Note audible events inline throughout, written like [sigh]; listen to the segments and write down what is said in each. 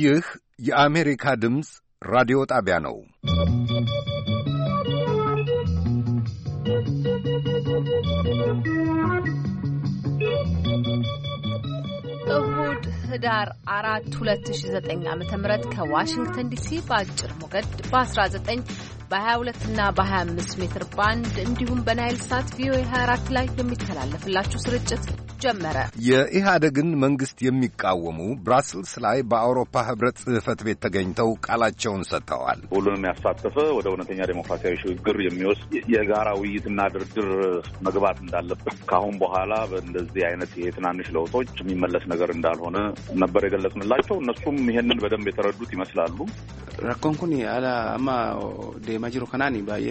ይህ የአሜሪካ ድምፅ ራዲዮ ጣቢያ ነው። እሁድ ህዳር 4 2009 ዓ ም ከዋሽንግተን ዲሲ በአጭር ሞገድ በ19 በ22 እና በ25 ሜትር ባንድ እንዲሁም በናይል ሳት ቪኦኤ 24 ላይ የሚተላለፍላችሁ ስርጭት ጀመረ። የኢህአደግን መንግሥት የሚቃወሙ ብራስልስ ላይ በአውሮፓ ህብረት ጽህፈት ቤት ተገኝተው ቃላቸውን ሰጥተዋል። ሁሉንም ያሳተፈ ወደ እውነተኛ ዴሞክራሲያዊ ሽግግር የሚወስድ የጋራ ውይይትና ድርድር መግባት እንዳለበት ከአሁን በኋላ በእንደዚህ አይነት ይሄ ትናንሽ ለውጦች የሚመለስ ነገር እንዳልሆነ ነበር የገለጽንላቸው። እነሱም ይሄንን በደንብ የተረዱት ይመስላሉ። ረኮንኩኒ አላ አማ ደማጅሮ ከናኒ ባየ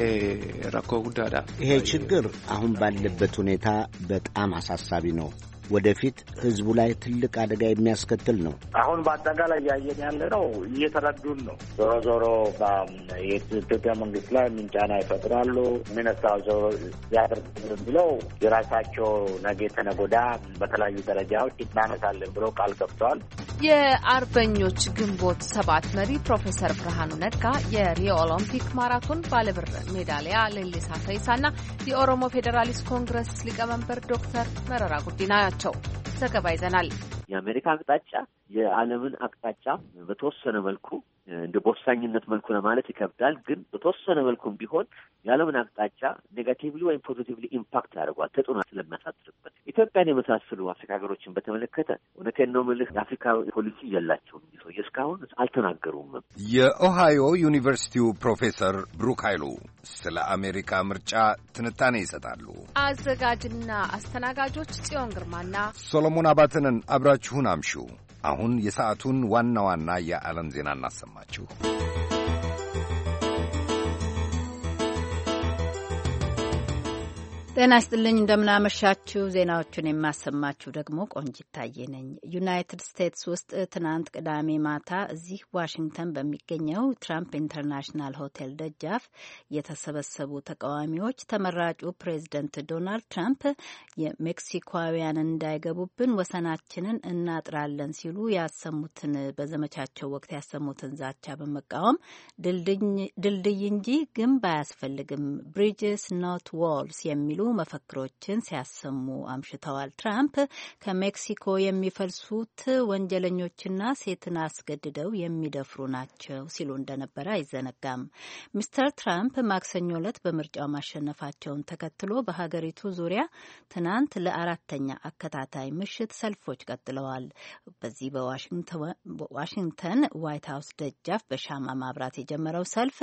ረኮ ጉዳዳ ይሄ ችግር አሁን ባለበት ሁኔታ በጣም አሳሳቢ ነው። ወደፊት ህዝቡ ላይ ትልቅ አደጋ የሚያስከትል ነው። አሁን በአጠቃላይ እያየን ያለ ነው፣ እየተረዱን ነው። ዞሮ ዞሮ የኢትዮጵያ መንግስት ላይ ምን ጫና ይፈጥራሉ፣ ምን አስተዋጽኦ ብለው የራሳቸው ነገ ተነጎዳ በተለያዩ ደረጃዎች እናነሳለን ብሎ ቃል ገብተዋል። የአርበኞች ግንቦት ሰባት መሪ ፕሮፌሰር ብርሃኑ ነጋ የሪዮ ኦሎምፒክ ማራቶን ባለብር ሜዳሊያ ሌሊሳ ፈይሳና የኦሮሞ ፌዴራሊስት ኮንግረስ ሊቀመንበር ዶክተር መረራ ጉዲና ናቸው። ዘገባ ይዘናል። የአሜሪካ አቅጣጫ የዓለምን አቅጣጫ በተወሰነ መልኩ እንደ በወሳኝነት መልኩ ለማለት ይከብዳል። ግን በተወሰነ መልኩም ቢሆን የዓለምን አቅጣጫ ኔጋቲቭሊ ወይም ፖዚቲቭሊ ኢምፓክት ያደርጓል ተጽዕኖ ስለሚያሳድርበት። ኢትዮጵያን የመሳሰሉ አፍሪካ ሀገሮችን በተመለከተ እውነቴን ነው የምልህ የአፍሪካ ፖሊሲ የላቸውም ሰውዬ እስካሁን አልተናገሩም። የኦሃዮ ዩኒቨርሲቲው ፕሮፌሰር ብሩክ ኃይሉ ስለ አሜሪካ ምርጫ ትንታኔ ይሰጣሉ። አዘጋጅና አስተናጋጆች ጽዮን ግርማና ሶሎሞን አባተንን አብራ አብራችሁን አምሹ። አሁን የሰዓቱን ዋና ዋና የዓለም ዜና እናሰማችሁ። ጤና ይስጥልኝ። እንደምናመሻችሁ። ዜናዎቹን የማሰማችሁ ደግሞ ቆንጅ ይታየ ነኝ። ዩናይትድ ስቴትስ ውስጥ ትናንት ቅዳሜ ማታ እዚህ ዋሽንግተን በሚገኘው ትራምፕ ኢንተርናሽናል ሆቴል ደጃፍ የተሰበሰቡ ተቃዋሚዎች ተመራጩ ፕሬዚደንት ዶናልድ ትራምፕ የሜክሲኮውያን እንዳይገቡብን ወሰናችንን እናጥራለን ሲሉ ያሰሙትን በዘመቻቸው ወቅት ያሰሙትን ዛቻ በመቃወም ድልድይ እንጂ ግንብ አያስፈልግም ብሪጅስ ኖት ዋልስ የሚሉ መፈክሮችን ሲያሰሙ አምሽተዋል። ትራምፕ ከሜክሲኮ የሚፈልሱት ወንጀለኞችና ሴትን አስገድደው የሚደፍሩ ናቸው ሲሉ እንደነበረ አይዘነጋም። ሚስተር ትራምፕ ማክሰኞ ዕለት በምርጫው ማሸነፋቸውን ተከትሎ በሀገሪቱ ዙሪያ ትናንት ለአራተኛ አከታታይ ምሽት ሰልፎች ቀጥለዋል። በዚህ በዋሽንግተን ዋይት ሀውስ ደጃፍ በሻማ ማብራት የጀመረው ሰልፍ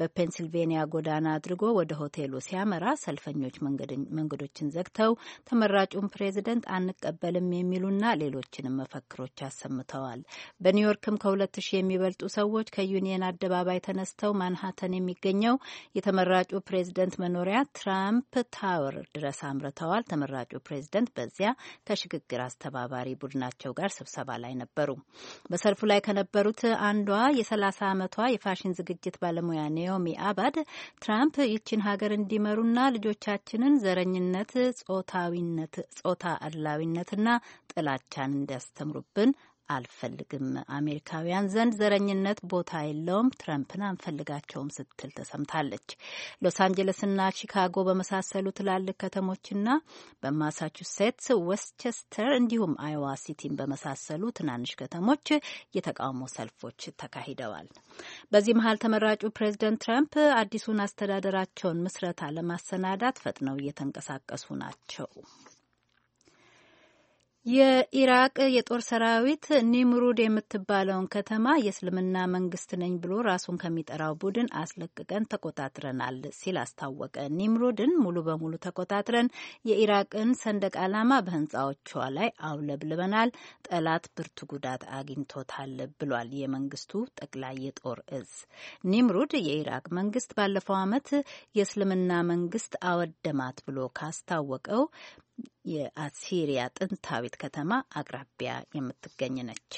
በፔንሲልቬኒያ ጎዳና አድርጎ ወደ ሆቴሉ ሲያመራ ሰልፈኞች መንገድ መንገዶችን ዘግተው ተመራጩን ፕሬዚደንት አንቀበልም የሚሉና ሌሎችንም መፈክሮች አሰምተዋል። በኒውዮርክም ከሁለት ሺህ የሚበልጡ ሰዎች ከዩኒየን አደባባይ ተነስተው ማንሃተን የሚገኘው የተመራጩ ፕሬዚደንት መኖሪያ ትራምፕ ታወር ድረስ አምርተዋል። ተመራጩ ፕሬዚደንት በዚያ ከሽግግር አስተባባሪ ቡድናቸው ጋር ስብሰባ ላይ ነበሩ። በሰልፉ ላይ ከነበሩት አንዷ የ30 ዓመቷ የፋሽን ዝግጅት ባለሙያ ኔዮሚ አባድ ትራምፕ ይችን ሀገር እንዲመሩና ልጆቻችን ህዝባችንን ዘረኝነት፣ ጾታዊነት፣ ጾታ አድላዊነትና ጥላቻን እንዲያስተምሩብን አልፈልግም፣ አሜሪካውያን ዘንድ ዘረኝነት ቦታ የለውም፣ ትረምፕን አንፈልጋቸውም ስትል ተሰምታለች። ሎስ አንጀለስና ሺካጎ በመሳሰሉ ትላልቅ ከተሞችና በማሳቹሴትስ ዌስትቸስተር፣ እንዲሁም አይዋ ሲቲን በመሳሰሉ ትናንሽ ከተሞች የተቃውሞ ሰልፎች ተካሂደዋል። በዚህ መሀል ተመራጩ ፕሬዚደንት ትረምፕ አዲሱን አስተዳደራቸውን ምስረታ ለማሰናዳት ፈጥነው እየተንቀሳቀሱ ናቸው። የኢራቅ የጦር ሰራዊት ኒምሩድ የምትባለውን ከተማ የእስልምና መንግስት ነኝ ብሎ ራሱን ከሚጠራው ቡድን አስለቅቀን ተቆጣጥረናል ሲል አስታወቀ። ኒምሩድን ሙሉ በሙሉ ተቆጣጥረን የኢራቅን ሰንደቅ ዓላማ በህንፃዎቿ ላይ አውለብልበናል፣ ጠላት ብርቱ ጉዳት አግኝቶታል ብሏል የመንግስቱ ጠቅላይ የጦር እዝ። ኒምሩድ የኢራቅ መንግስት ባለፈው ዓመት የእስልምና መንግስት አወደማት ብሎ ካስታወቀው የአሲሪያ ጥንታዊት ከተማ አቅራቢያ የምትገኝ ነች።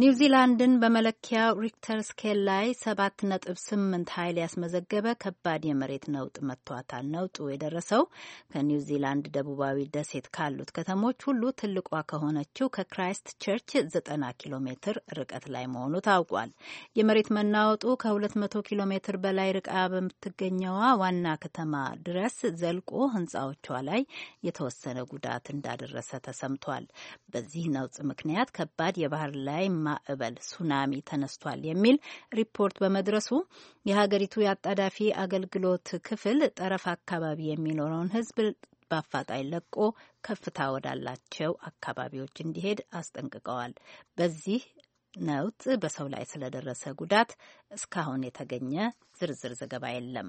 ኒውዚላንድን በመለኪያው ሪክተር ስኬል ላይ ሰባት ነጥብ ስምንት ኃይል ያስመዘገበ ከባድ የመሬት ነውጥ መጥቷታል። ነውጡ የደረሰው ከኒውዚላንድ ደቡባዊ ደሴት ካሉት ከተሞች ሁሉ ትልቋ ከሆነችው ከክራይስት ቸርች ዘጠና ኪሎ ሜትር ርቀት ላይ መሆኑ ታውቋል። የመሬት መናወጡ ከሁለት መቶ ኪሎ ሜትር በላይ ርቃ በምትገኘዋ ዋና ከተማ ድረስ ዘልቆ ህንጻዎቿ ላይ የተወሰነ ጉዳት እንዳደረሰ ተሰምቷል። በዚህ ነውጥ ምክንያት ከባድ የባህር ላይ ማዕበል ሱናሚ ተነስቷል የሚል ሪፖርት በመድረሱ የሀገሪቱ የአጣዳፊ አገልግሎት ክፍል ጠረፍ አካባቢ የሚኖረውን ሕዝብ በአፋጣኝ ለቆ ከፍታ ወዳላቸው አካባቢዎች እንዲሄድ አስጠንቅቀዋል። በዚህ ነውጥ በሰው ላይ ስለደረሰ ጉዳት እስካሁን የተገኘ ዝርዝር ዘገባ የለም።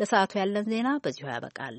ለሰዓቱ ያለን ዜና በዚሁ ያበቃል።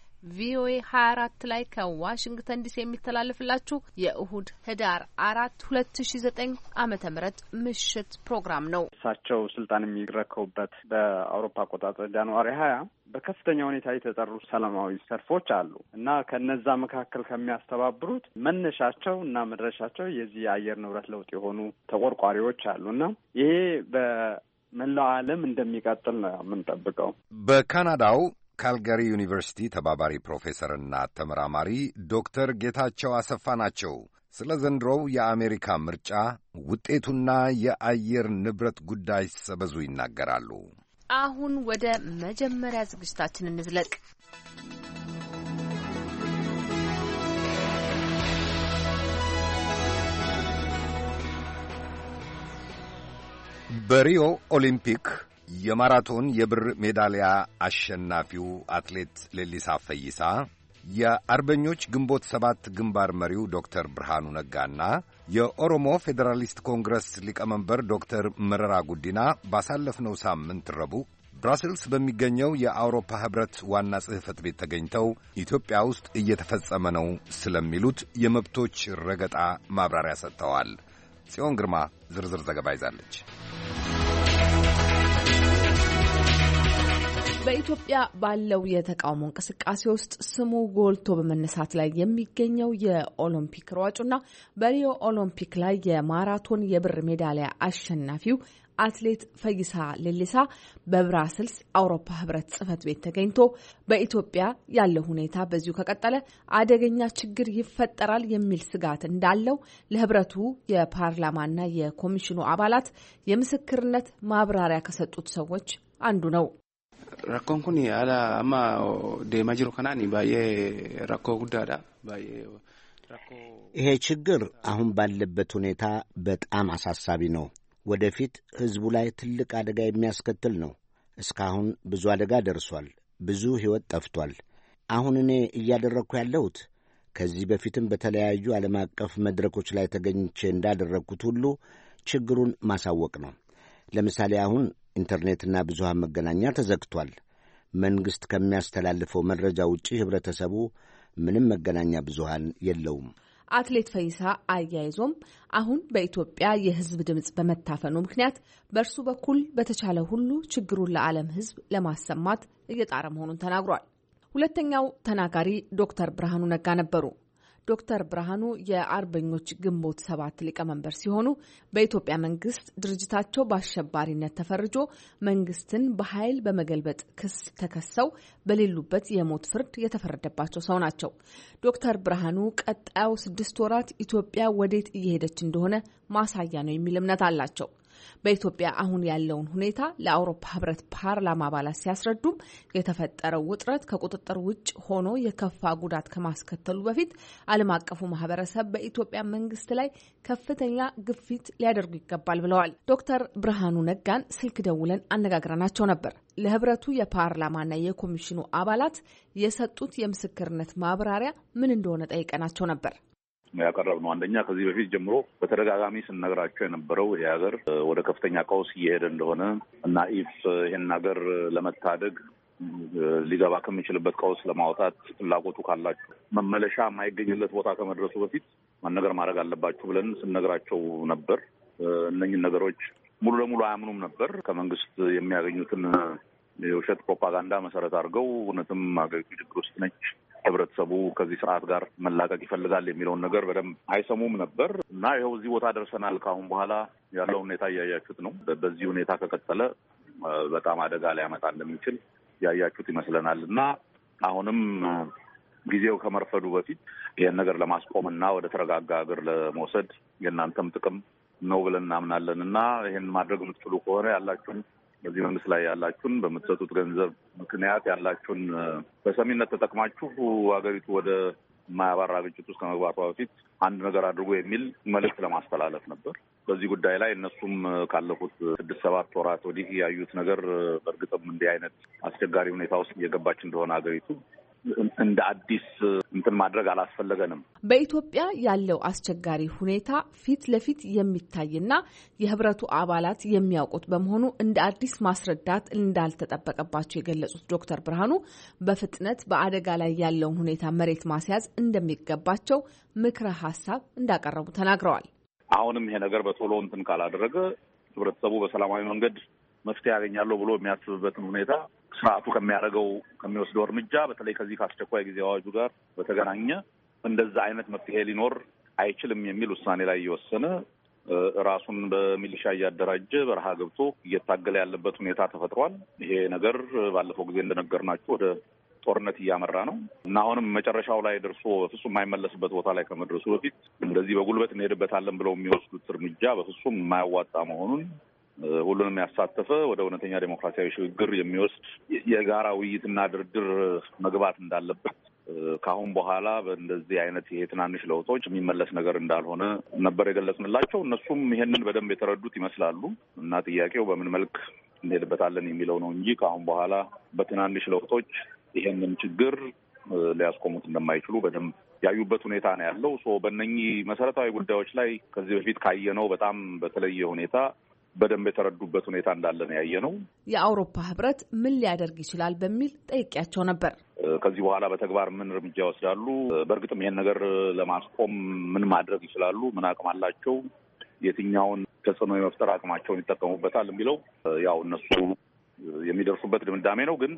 ቪኦኤ 24 ላይ ከዋሽንግተን ዲሲ የሚተላለፍላችሁ የእሁድ ህዳር አራት ሁለት ሺ ዘጠኝ አመተ ምህረት ምሽት ፕሮግራም ነው። እሳቸው ስልጣን የሚረከቡበት በአውሮፓ አቆጣጠር ጃንዋሪ ሀያ በከፍተኛ ሁኔታ የተጠሩ ሰላማዊ ሰልፎች አሉ እና ከነዛ መካከል ከሚያስተባብሩት መነሻቸው እና መድረሻቸው የዚህ የአየር ንብረት ለውጥ የሆኑ ተቆርቋሪዎች አሉ እና ይሄ በመላው ዓለም እንደሚቀጥል ነው የምንጠብቀው። በካናዳው ካልጋሪ ዩኒቨርሲቲ ተባባሪ ፕሮፌሰርና ተመራማሪ ዶክተር ጌታቸው አሰፋ ናቸው። ስለ ዘንድሮው የአሜሪካ ምርጫ ውጤቱና የአየር ንብረት ጉዳይ ሰበዙ ይናገራሉ። አሁን ወደ መጀመሪያ ዝግጅታችን እንዝለቅ። በሪዮ ኦሊምፒክ የማራቶን የብር ሜዳሊያ አሸናፊው አትሌት ሌሊሳ ፈይሳ፣ የአርበኞች ግንቦት ሰባት ግንባር መሪው ዶክተር ብርሃኑ ነጋና የኦሮሞ ፌዴራሊስት ኮንግረስ ሊቀመንበር ዶክተር መረራ ጉዲና ባሳለፍነው ሳምንት ረቡዕ ብራስልስ በሚገኘው የአውሮፓ ኅብረት ዋና ጽሕፈት ቤት ተገኝተው ኢትዮጵያ ውስጥ እየተፈጸመ ነው ስለሚሉት የመብቶች ረገጣ ማብራሪያ ሰጥተዋል። ጽዮን ግርማ ዝርዝር ዘገባ ይዛለች። በኢትዮጵያ ባለው የተቃውሞ እንቅስቃሴ ውስጥ ስሙ ጎልቶ በመነሳት ላይ የሚገኘው የኦሎምፒክ ሯጩና በሪዮ ኦሎምፒክ ላይ የማራቶን የብር ሜዳሊያ አሸናፊው አትሌት ፈይሳ ሌሊሳ በብራስልስ አውሮፓ ህብረት ጽህፈት ቤት ተገኝቶ በኢትዮጵያ ያለው ሁኔታ በዚሁ ከቀጠለ አደገኛ ችግር ይፈጠራል የሚል ስጋት እንዳለው ለህብረቱ የፓርላማና የኮሚሽኑ አባላት የምስክርነት ማብራሪያ ከሰጡት ሰዎች አንዱ ነው። Rakkoon kun haala amma deemaa jiru kanaan baay'ee rakkoo guddaadha baay'ee ይሄ ችግር አሁን ባለበት ሁኔታ በጣም አሳሳቢ ነው። ወደፊት ሕዝቡ ላይ ትልቅ አደጋ የሚያስከትል ነው። እስካሁን ብዙ አደጋ ደርሷል። ብዙ ሕይወት ጠፍቷል። አሁን እኔ እያደረግኩ ያለሁት ከዚህ በፊትም በተለያዩ ዓለም አቀፍ መድረኮች ላይ ተገኝቼ እንዳደረግኩት ሁሉ ችግሩን ማሳወቅ ነው። ለምሳሌ አሁን ኢንተርኔትና ብዙሃን መገናኛ ተዘግቷል። መንግሥት ከሚያስተላልፈው መረጃ ውጪ ህብረተሰቡ ምንም መገናኛ ብዙሃን የለውም። አትሌት ፈይሳ አያይዞም አሁን በኢትዮጵያ የህዝብ ድምፅ በመታፈኑ ምክንያት በእርሱ በኩል በተቻለ ሁሉ ችግሩን ለዓለም ህዝብ ለማሰማት እየጣረ መሆኑን ተናግሯል። ሁለተኛው ተናጋሪ ዶክተር ብርሃኑ ነጋ ነበሩ። ዶክተር ብርሃኑ የአርበኞች ግንቦት ሰባት ሊቀመንበር ሲሆኑ በኢትዮጵያ መንግስት ድርጅታቸው በአሸባሪነት ተፈርጆ መንግስትን በኃይል በመገልበጥ ክስ ተከሰው በሌሉበት የሞት ፍርድ የተፈረደባቸው ሰው ናቸው። ዶክተር ብርሃኑ ቀጣዩ ስድስት ወራት ኢትዮጵያ ወዴት እየሄደች እንደሆነ ማሳያ ነው የሚል እምነት አላቸው። በኢትዮጵያ አሁን ያለውን ሁኔታ ለአውሮፓ ህብረት ፓርላማ አባላት ሲያስረዱም የተፈጠረው ውጥረት ከቁጥጥር ውጭ ሆኖ የከፋ ጉዳት ከማስከተሉ በፊት ዓለም አቀፉ ማህበረሰብ በኢትዮጵያ መንግስት ላይ ከፍተኛ ግፊት ሊያደርጉ ይገባል ብለዋል። ዶክተር ብርሃኑ ነጋን ስልክ ደውለን አነጋግረናቸው ነበር። ለህብረቱ የፓርላማና የኮሚሽኑ አባላት የሰጡት የምስክርነት ማብራሪያ ምን እንደሆነ ጠይቀናቸው ነበር። ያቀረብ ነው አንደኛ ከዚህ በፊት ጀምሮ በተደጋጋሚ ስንነግራቸው የነበረው ይሄ ሀገር ወደ ከፍተኛ ቀውስ እየሄደ እንደሆነ እና ኢፍ ይህን ሀገር ለመታደግ ሊገባ ከሚችልበት ቀውስ ለማውጣት ፍላጎቱ ካላችሁ መመለሻ የማይገኝለት ቦታ ከመድረሱ በፊት ማነገር ማድረግ አለባችሁ ብለን ስንነግራቸው ነበር። እነኝን ነገሮች ሙሉ ለሙሉ አያምኑም ነበር። ከመንግስት የሚያገኙትን የውሸት ፕሮፓጋንዳ መሰረት አድርገው እውነትም አገሪቱ ችግር ውስጥ ነች ህብረተሰቡ ከዚህ ስርዓት ጋር መላቀቅ ይፈልጋል የሚለውን ነገር በደንብ አይሰሙም ነበር እና ይኸው እዚህ ቦታ ደርሰናል። ከአሁን በኋላ ያለው ሁኔታ እያያችሁት ነው። በዚህ ሁኔታ ከቀጠለ በጣም አደጋ ሊያመጣ እንደሚችል ያያችሁት ይመስለናል እና አሁንም ጊዜው ከመርፈዱ በፊት ይህን ነገር ለማስቆም እና ወደ ተረጋጋ ሀገር ለመውሰድ የእናንተም ጥቅም ነው ብለን እናምናለን እና ይህን ማድረግ የምትችሉ ከሆነ ያላችሁን በዚህ መንግስት ላይ ያላችሁን በምትሰጡት ገንዘብ ምክንያት ያላችሁን በሰሚነት ተጠቅማችሁ ሀገሪቱ ወደ ማያባራ ግጭት ውስጥ ከመግባቷ በፊት አንድ ነገር አድርጎ የሚል መልእክት ለማስተላለፍ ነበር። በዚህ ጉዳይ ላይ እነሱም ካለፉት ስድስት ሰባት ወራት ወዲህ ያዩት ነገር በእርግጥም እንዲህ አይነት አስቸጋሪ ሁኔታ ውስጥ እየገባች እንደሆነ ሀገሪቱ እንደ አዲስ እንትን ማድረግ አላስፈለገንም። በኢትዮጵያ ያለው አስቸጋሪ ሁኔታ ፊት ለፊት የሚታይና የህብረቱ አባላት የሚያውቁት በመሆኑ እንደ አዲስ ማስረዳት እንዳልተጠበቀባቸው የገለጹት ዶክተር ብርሃኑ በፍጥነት በአደጋ ላይ ያለውን ሁኔታ መሬት ማስያዝ እንደሚገባቸው ምክረ ሀሳብ እንዳቀረቡ ተናግረዋል። አሁንም ይሄ ነገር በቶሎ እንትን ካላደረገ ህብረተሰቡ በሰላማዊ መንገድ መፍትሄ ያገኛለሁ ብሎ የሚያስብበትን ሁኔታ ስርዓቱ ከሚያደርገው ከሚወስደው እርምጃ በተለይ ከዚህ ከአስቸኳይ ጊዜ አዋጁ ጋር በተገናኘ እንደዛ አይነት መፍትሄ ሊኖር አይችልም የሚል ውሳኔ ላይ እየወሰነ ራሱን በሚሊሻ እያደራጀ በረሃ ገብቶ እየታገለ ያለበት ሁኔታ ተፈጥሯል። ይሄ ነገር ባለፈው ጊዜ እንደነገርናችሁ ወደ ጦርነት እያመራ ነው እና አሁንም መጨረሻው ላይ ደርሶ በፍጹም የማይመለስበት ቦታ ላይ ከመድረሱ በፊት እንደዚህ በጉልበት እንሄድበታለን ብለው የሚወስዱት እርምጃ በፍጹም የማያዋጣ መሆኑን ሁሉንም ያሳተፈ ወደ እውነተኛ ዴሞክራሲያዊ ሽግግር የሚወስድ የጋራ ውይይትና ድርድር መግባት እንዳለበት ከአሁን በኋላ በእንደዚህ አይነት ይሄ ትናንሽ ለውጦች የሚመለስ ነገር እንዳልሆነ ነበር የገለጽንላቸው። እነሱም ይሄንን በደንብ የተረዱት ይመስላሉ እና ጥያቄው በምን መልክ እንሄድበታለን የሚለው ነው እንጂ ከአሁን በኋላ በትናንሽ ለውጦች ይሄንን ችግር ሊያስቆሙት እንደማይችሉ በደንብ ያዩበት ሁኔታ ነው ያለው። በእነኚህ መሰረታዊ ጉዳዮች ላይ ከዚህ በፊት ካየነው በጣም በተለየ ሁኔታ በደንብ የተረዱበት ሁኔታ እንዳለ ነው ያየ ነው። የአውሮፓ ህብረት ምን ሊያደርግ ይችላል በሚል ጠይቄያቸው ነበር። ከዚህ በኋላ በተግባር ምን እርምጃ ይወስዳሉ፣ በእርግጥም ይህን ነገር ለማስቆም ምን ማድረግ ይችላሉ፣ ምን አቅም አላቸው፣ የትኛውን ተጽዕኖ የመፍጠር አቅማቸውን ይጠቀሙበታል የሚለው ያው እነሱ የሚደርሱበት ድምዳሜ ነው ግን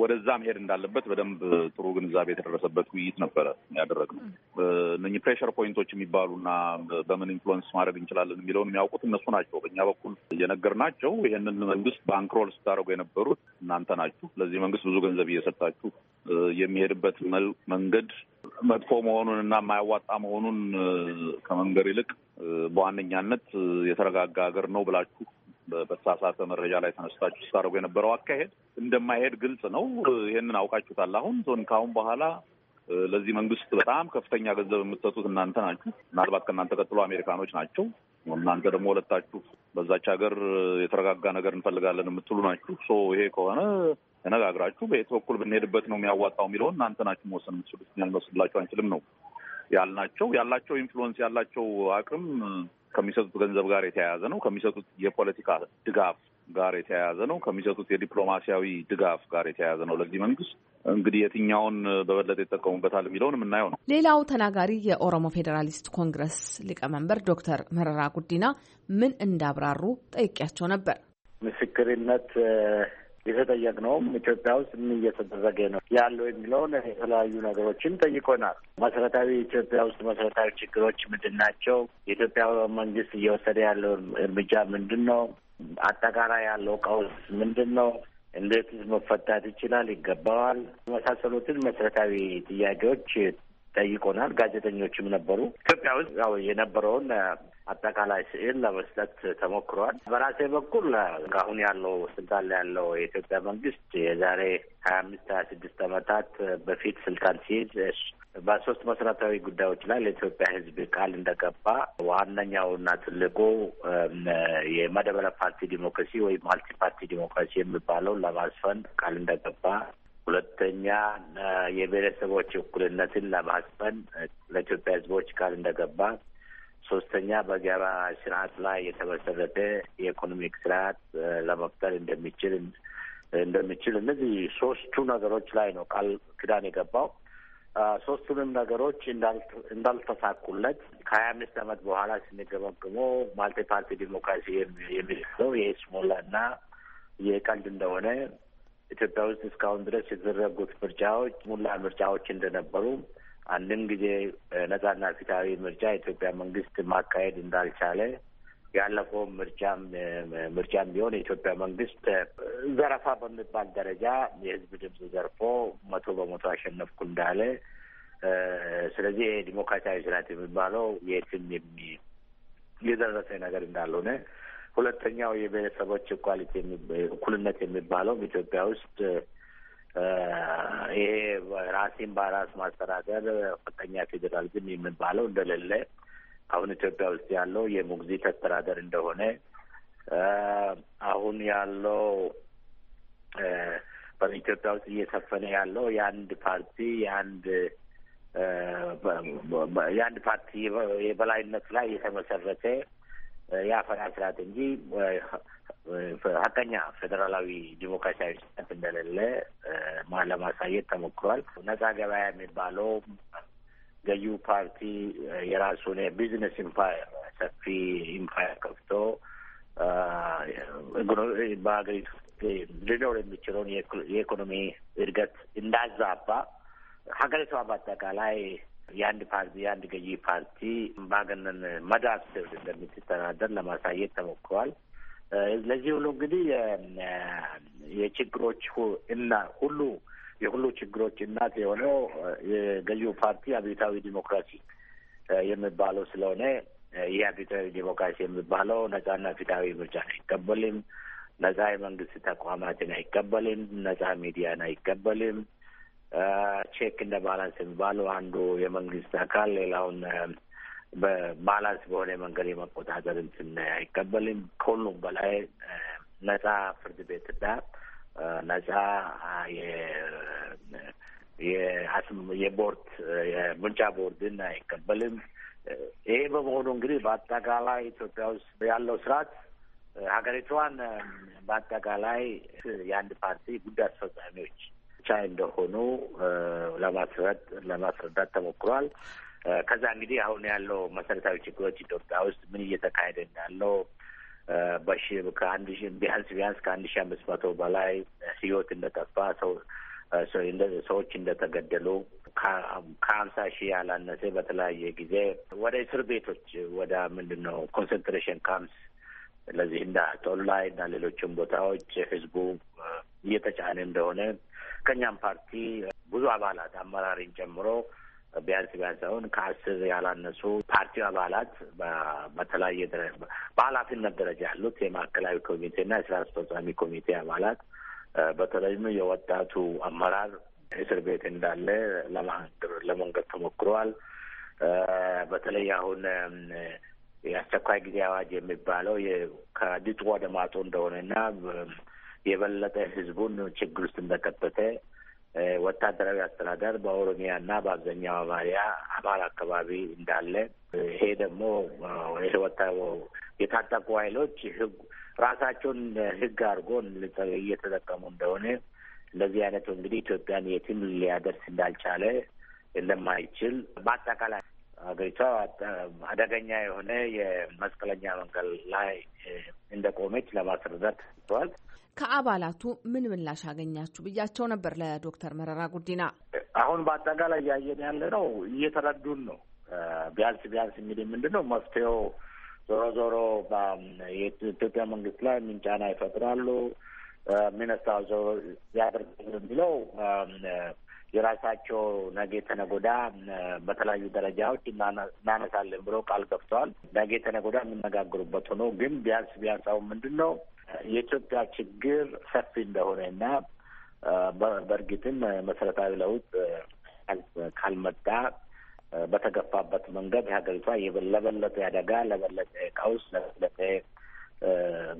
ወደዛ መሄድ እንዳለበት በደንብ ጥሩ ግንዛቤ የተደረሰበት ውይይት ነበረ ያደረግነው። እነኚህ ፕሬሸር ፖይንቶች የሚባሉና በምን ኢንፍሉወንስ ማድረግ እንችላለን የሚለውን የሚያውቁት እነሱ ናቸው። በእኛ በኩል ናቸው ይህንን መንግስት ባንክሮል ስታደርጉ የነበሩት እናንተ ናችሁ። ለዚህ መንግስት ብዙ ገንዘብ እየሰጣችሁ የሚሄድበት መንገድ መጥፎ መሆኑን እና የማያዋጣ መሆኑን ከመንገር ይልቅ በዋነኛነት የተረጋጋ ሀገር ነው ብላችሁ በተሳሳተ መረጃ ላይ ተነስታችሁ ስታደርጉ የነበረው አካሄድ እንደማይሄድ ግልጽ ነው። ይህንን አውቃችሁታል። አሁን ዞን ከአሁን በኋላ ለዚህ መንግስት በጣም ከፍተኛ ገንዘብ የምትሰጡት እናንተ ናችሁ። ምናልባት ከእናንተ ቀጥሎ አሜሪካኖች ናቸው። እናንተ ደግሞ ሁለታችሁ በዛች ሀገር የተረጋጋ ነገር እንፈልጋለን የምትሉ ናችሁ። ሶ ይሄ ከሆነ ተነጋግራችሁ በየት በኩል ብንሄድበት ነው የሚያዋጣው የሚለውን እናንተ ናችሁ መወሰን የምትችሉት፣ እኛ አንችልም ነው ያልናቸው። ያላቸው ኢንፍሉወንስ ያላቸው አቅም ከሚሰጡት ገንዘብ ጋር የተያያዘ ነው። ከሚሰጡት የፖለቲካ ድጋፍ ጋር የተያያዘ ነው። ከሚሰጡት የዲፕሎማሲያዊ ድጋፍ ጋር የተያያዘ ነው። ለዚህ መንግስት እንግዲህ የትኛውን በበለጠ ይጠቀሙበታል የሚለውን የምናየው ነው። ሌላው ተናጋሪ የኦሮሞ ፌዴራሊስት ኮንግረስ ሊቀመንበር ዶክተር መረራ ጉዲና ምን እንዳብራሩ ጠይቄያቸው ነበር። ምስክርነት የተጠየቅነውም ኢትዮጵያ ውስጥ ምን እየተደረገ ነው ያለው የሚለውን የተለያዩ ነገሮችን ጠይቆናል። መሰረታዊ ኢትዮጵያ ውስጥ መሰረታዊ ችግሮች ምንድን ናቸው? የኢትዮጵያ መንግስት እየወሰደ ያለው እርምጃ ምንድን ነው? አጠቃላይ ያለው ቀውስ ምንድን ነው? እንዴት መፈታት ይችላል? ይገባዋል? የመሳሰሉትን መሰረታዊ ጥያቄዎች ጠይቆናል። ጋዜጠኞችም ነበሩ። ኢትዮጵያ ውስጥ ያው የነበረውን አጠቃላይ ስዕል ለመስጠት ተሞክሯል። በራሴ በኩል አሁን ያለው ስልጣን ላይ ያለው የኢትዮጵያ መንግስት የዛሬ ሀያ አምስት ሀያ ስድስት ዓመታት በፊት ስልጣን ሲይዝ በሶስት መሰረታዊ ጉዳዮች ላይ ለኢትዮጵያ ሕዝብ ቃል እንደገባ ዋነኛውና ትልቁ የመደበለ ፓርቲ ዲሞክራሲ ወይም ማልቲ ፓርቲ ዲሞክራሲ የሚባለው ለማስፈን ቃል እንደገባ ሁለተኛ የብሔረሰቦች እኩልነትን ለማስፈን ለኢትዮጵያ ሕዝቦች ቃል እንደገባ ሶስተኛ በገባ ስርዓት ላይ የተመሰረተ የኢኮኖሚክ ስርዓት ለመፍጠር እንደሚችል እንደሚችል እነዚህ ሶስቱ ነገሮች ላይ ነው ቃል ክዳን የገባው። ሶስቱንም ነገሮች እንዳልተሳኩለት ከሀያ አምስት ዓመት በኋላ ስንገመግሞ ማልቲ ፓርቲ ዲሞክራሲ የሚለው የስሞላ እና የቀልድ እንደሆነ ኢትዮጵያ ውስጥ እስካሁን ድረስ የተደረጉት ምርጫዎች ሙላ ምርጫዎች እንደነበሩ አንድም ጊዜ ነጻና ፍትሐዊ ምርጫ የኢትዮጵያ መንግስት ማካሄድ እንዳልቻለ ያለፈውም ምርጫም ምርጫም ቢሆን የኢትዮጵያ መንግስት ዘረፋ በሚባል ደረጃ የህዝብ ድምፅ ዘርፎ መቶ በመቶ አሸነፍኩ እንዳለ፣ ስለዚህ ዲሞክራሲያዊ ስርዓት የሚባለው የትም የደረሰ ነገር እንዳልሆነ፣ ሁለተኛው የብሔረሰቦች እኩልነት የሚባለው ኢትዮጵያ ውስጥ ይሄ ራሴን በራስ ማስተዳደር ፈጠኛ ፌዴራሊዝም የሚባለው እንደሌለ አሁን ኢትዮጵያ ውስጥ ያለው የሙግዚት አስተዳደር እንደሆነ አሁን ያለው በኢትዮጵያ ውስጥ እየሰፈነ ያለው የአንድ ፓርቲ የአንድ የአንድ ፓርቲ የበላይነት ላይ የተመሰረተ የአፈራ ስርዓት እንጂ ሀቀኛ ፌዴራላዊ ዲሞክራሲያዊ ስርዓት እንደሌለ ለማሳየት ተሞክሯል። ነጻ ገበያ የሚባለው ገዢው ፓርቲ የራሱን የቢዝነስ ኢምፓየር ሰፊ ኢምፓየር ከፍቶ በሀገሪቱ ሊኖር የሚችለውን የኢኮኖሚ እድገት እንዳዛባ ሀገሪቷ በአጠቃላይ የአንድ ፓርቲ የአንድ ገዢ ፓርቲ በአገነን መዳፍ ስር እንደምትተዳደር ለማሳየት ተሞክሯል። ለዚህ ሁሉ እንግዲህ የችግሮች እና ሁሉ የሁሉ ችግሮች እናት የሆነው የገዢው ፓርቲ አብዮታዊ ዲሞክራሲ የሚባለው ስለሆነ ይህ አብዮታዊ ዲሞክራሲ የሚባለው ነጻና ፍትሃዊ ምርጫን አይቀበልም፣ ነጻ የመንግስት ተቋማትን አይቀበልም፣ ነጻ ሚዲያን አይቀበልም። ቼክ እንደ ባላንስ የሚባለው አንዱ የመንግስት አካል ሌላውን በባላንስ በሆነ መንገድ የመቆጣጠር እንትን አይቀበልም። ከሁሉም በላይ ነጻ ፍርድ ቤትና ነጻ የቦርድ የምርጫ ቦርድን አይቀበልም። ይሄ በመሆኑ እንግዲህ በአጠቃላይ ኢትዮጵያ ውስጥ ያለው ስርዓት ሀገሪቷን በአጠቃላይ የአንድ ፓርቲ ጉዳይ አስፈጻሚዎች ብቻ እንደሆኑ ለማስረድ ለማስረዳት ተሞክሯል። ከዛ እንግዲህ አሁን ያለው መሰረታዊ ችግሮች ኢትዮጵያ ውስጥ ምን እየተካሄደ እንዳለው በሺ ከአንድ ሺ ቢያንስ ቢያንስ ከአንድ ሺ አምስት መቶ በላይ ህይወት እንደጠፋ ሰው ሰዎች እንደተገደሉ ከሀምሳ ሺህ ያላነሰ በተለያየ ጊዜ ወደ እስር ቤቶች ወደ ምንድን ነው ኮንሰንትሬሽን ካምፕስ ለዚህ እንደ ጦላይ እና ሌሎችም ቦታዎች ህዝቡ እየተጫነ እንደሆነ ከእኛም ፓርቲ ብዙ አባላት አመራሪን ጨምሮ ቢያንስ ቢያንስ አሁን ከአስር ያላነሱ ፓርቲ አባላት በተለያየ በኃላፊነት ደረጃ ያሉት የማዕከላዊ ኮሚቴና የስራ አስፈጻሚ ኮሚቴ አባላት በተለይም የወጣቱ አመራር እስር ቤት እንዳለ ለመንገድ ተሞክሯል። በተለይ አሁን የአስቸኳይ ጊዜ አዋጅ የሚባለው ከድጡ ወደ ማጡ እንደሆነና የበለጠ ህዝቡን ችግር ውስጥ እንደከተተ ወታደራዊ አስተዳደር በኦሮሚያና በአብዛኛው አማሪያ አማራ አካባቢ እንዳለ ይሄ ደግሞ የታጠቁ ኃይሎች ህግ ራሳቸውን ህግ አድርጎ እየተጠቀሙ እንደሆነ እንደዚህ አይነቱ እንግዲህ ኢትዮጵያን የትም ሊያደርስ እንዳልቻለ እንደማይችል በአጠቃላይ ሀገሪቷ አደገኛ የሆነ የመስቀለኛ መንገድ ላይ እንደቆመች ለማስረዳት ተዋል። ከአባላቱ ምን ምላሽ አገኛችሁ ብያቸው ነበር ለዶክተር መረራ ጉዲና። አሁን በአጠቃላይ እያየን ያለ ነው፣ እየተረዱን ነው። ቢያንስ ቢያንስ እንግዲህ ምንድን ነው መፍትሄው ዞሮ ዞሮ የኢትዮጵያ መንግስት ላይ ምን ጫና ይፈጥራሉ፣ ምን አስተዋጽኦ ያደርጋሉ የሚለው የራሳቸው ነገ ተነጎዳ በተለያዩ ደረጃዎች እናነሳለን ብሎ ቃል ገብተዋል። ነገ ተነጎዳ የምነጋገሩበት ሆኖ ግን ቢያንስ ቢያንስ አሁን ምንድን ነው የኢትዮጵያ ችግር ሰፊ እንደሆነና በእርግጥም መሰረታዊ ለውጥ ካልመጣ በተገፋበት መንገድ ሀገሪቷ ለበለጠ አደጋ፣ ለበለጠ ቀውስ፣ ለበለጠ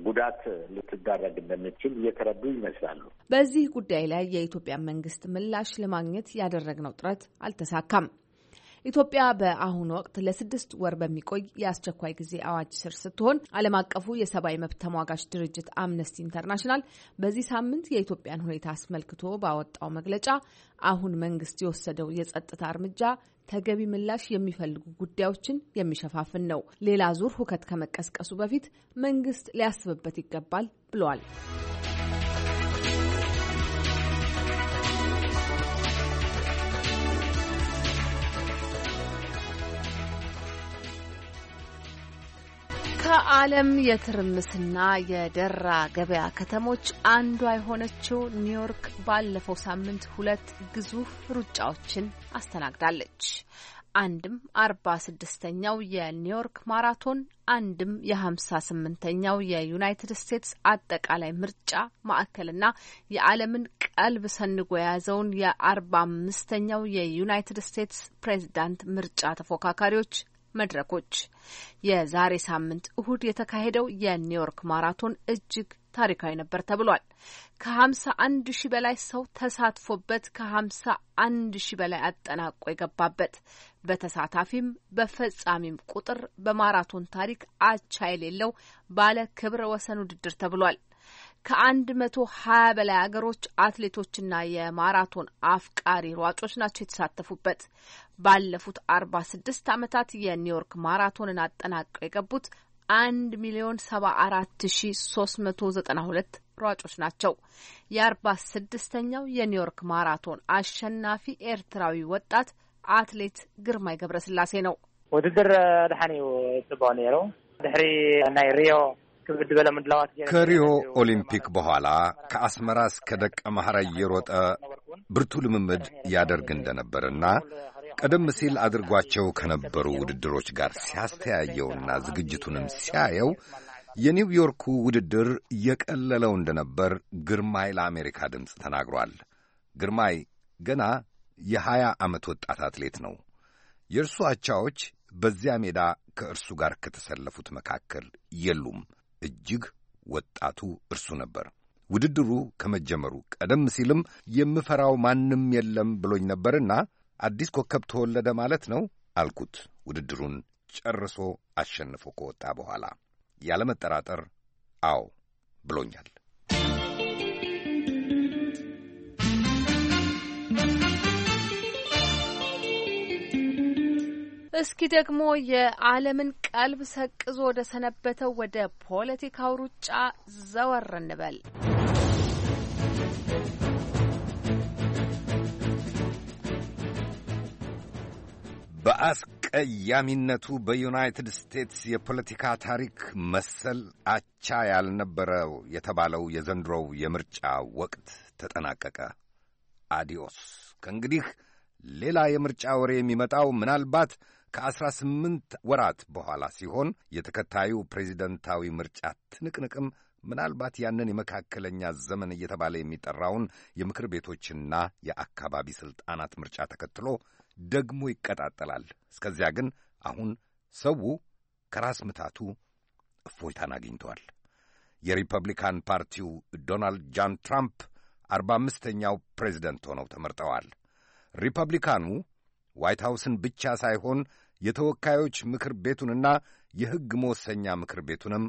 ጉዳት ልትዳረግ እንደምትችል እየተረዱ ይመስላሉ። በዚህ ጉዳይ ላይ የኢትዮጵያ መንግስት ምላሽ ለማግኘት ያደረግነው ጥረት አልተሳካም። ኢትዮጵያ በአሁኑ ወቅት ለስድስት ወር በሚቆይ የአስቸኳይ ጊዜ አዋጅ ስር ስትሆን ዓለም አቀፉ የሰብአዊ መብት ተሟጋች ድርጅት አምነስቲ ኢንተርናሽናል በዚህ ሳምንት የኢትዮጵያን ሁኔታ አስመልክቶ ባወጣው መግለጫ አሁን መንግስት የወሰደው የጸጥታ እርምጃ ተገቢ ምላሽ የሚፈልጉ ጉዳዮችን የሚሸፋፍን ነው። ሌላ ዙር ሁከት ከመቀስቀሱ በፊት መንግስት ሊያስብበት ይገባል ብለዋል። ከዓለም የትርምስና የደራ ገበያ ከተሞች አንዷ የሆነችው ኒውዮርክ ባለፈው ሳምንት ሁለት ግዙፍ ሩጫዎችን አስተናግዳለች። አንድም አርባ ስድስተኛው የኒውዮርክ ማራቶን አንድም የሀምሳ ስምንተኛው የዩናይትድ ስቴትስ አጠቃላይ ምርጫ ማዕከልና የዓለምን ቀልብ ሰንጎ የያዘውን የአርባ አምስተኛው የዩናይትድ ስቴትስ ፕሬዚዳንት ምርጫ ተፎካካሪዎች መድረኮች የዛሬ ሳምንት እሁድ የተካሄደው የኒውዮርክ ማራቶን እጅግ ታሪካዊ ነበር ተብሏል። ከ51 ሺህ በላይ ሰው ተሳትፎበት ከ51 ሺህ በላይ አጠናቆ የገባበት በተሳታፊም በፈጻሚም ቁጥር በማራቶን ታሪክ አቻ የሌለው ባለ ክብረ ወሰን ውድድር ተብሏል። ከአንድ መቶ ሀያ በላይ ሀገሮች አትሌቶችና የማራቶን አፍቃሪ ሯጮች ናቸው የተሳተፉበት። ባለፉት አርባ ስድስት ዓመታት የኒውዮርክ ማራቶንን አጠናቅቀው የገቡት አንድ ሚሊዮን ሰባ አራት ሺ ሶስት መቶ ዘጠና ሁለት ሯጮች ናቸው። የአርባ ስድስተኛው የኒውዮርክ ማራቶን አሸናፊ ኤርትራዊ ወጣት አትሌት ግርማይ ገብረስላሴ ነው። ውድድር ድሓን እዩ ነይሩ ድሕሪ ናይ ሪዮ ከሪዮ ኦሊምፒክ በኋላ ከአስመራ እስከ ደቀ መሐራ እየሮጠ ብርቱ ልምምድ ያደርግ እንደነበርና ቀደም ሲል አድርጓቸው ከነበሩ ውድድሮች ጋር ሲያስተያየውና ዝግጅቱንም ሲያየው የኒውዮርኩ ውድድር የቀለለው እንደነበር ግርማይ ለአሜሪካ ድምፅ ተናግሯል። ግርማይ ገና የሀያ ዓመት ወጣት አትሌት ነው። የእርሱ አቻዎች በዚያ ሜዳ ከእርሱ ጋር ከተሰለፉት መካከል የሉም። እጅግ ወጣቱ እርሱ ነበር። ውድድሩ ከመጀመሩ ቀደም ሲልም የምፈራው ማንም የለም ብሎኝ ነበርና አዲስ ኮከብ ተወለደ ማለት ነው አልኩት። ውድድሩን ጨርሶ አሸንፎ ከወጣ በኋላ ያለመጠራጠር አዎ ብሎኛል። እስኪ ደግሞ የዓለምን ቀልብ ሰቅዞ ወደ ሰነበተው ወደ ፖለቲካው ሩጫ ዘወር እንበል። በአስቀያሚነቱ በዩናይትድ ስቴትስ የፖለቲካ ታሪክ መሰል አቻ ያልነበረው የተባለው የዘንድሮው የምርጫ ወቅት ተጠናቀቀ። አዲዮስ። ከእንግዲህ ሌላ የምርጫ ወሬ የሚመጣው ምናልባት ከ18 ወራት በኋላ ሲሆን የተከታዩ ፕሬዚደንታዊ ምርጫ ትንቅንቅም ምናልባት ያንን የመካከለኛ ዘመን እየተባለ የሚጠራውን የምክር ቤቶችና የአካባቢ ሥልጣናት ምርጫ ተከትሎ ደግሞ ይቀጣጠላል። እስከዚያ ግን አሁን ሰው ከራስ ምታቱ እፎይታን አግኝተዋል። የሪፐብሊካን ፓርቲው ዶናልድ ጃን ትራምፕ አርባ አምስተኛው ፕሬዚደንት ሆነው ተመርጠዋል። ሪፐብሊካኑ ዋይት ሐውስን ብቻ ሳይሆን የተወካዮች ምክር ቤቱንና የሕግ መወሰኛ ምክር ቤቱንም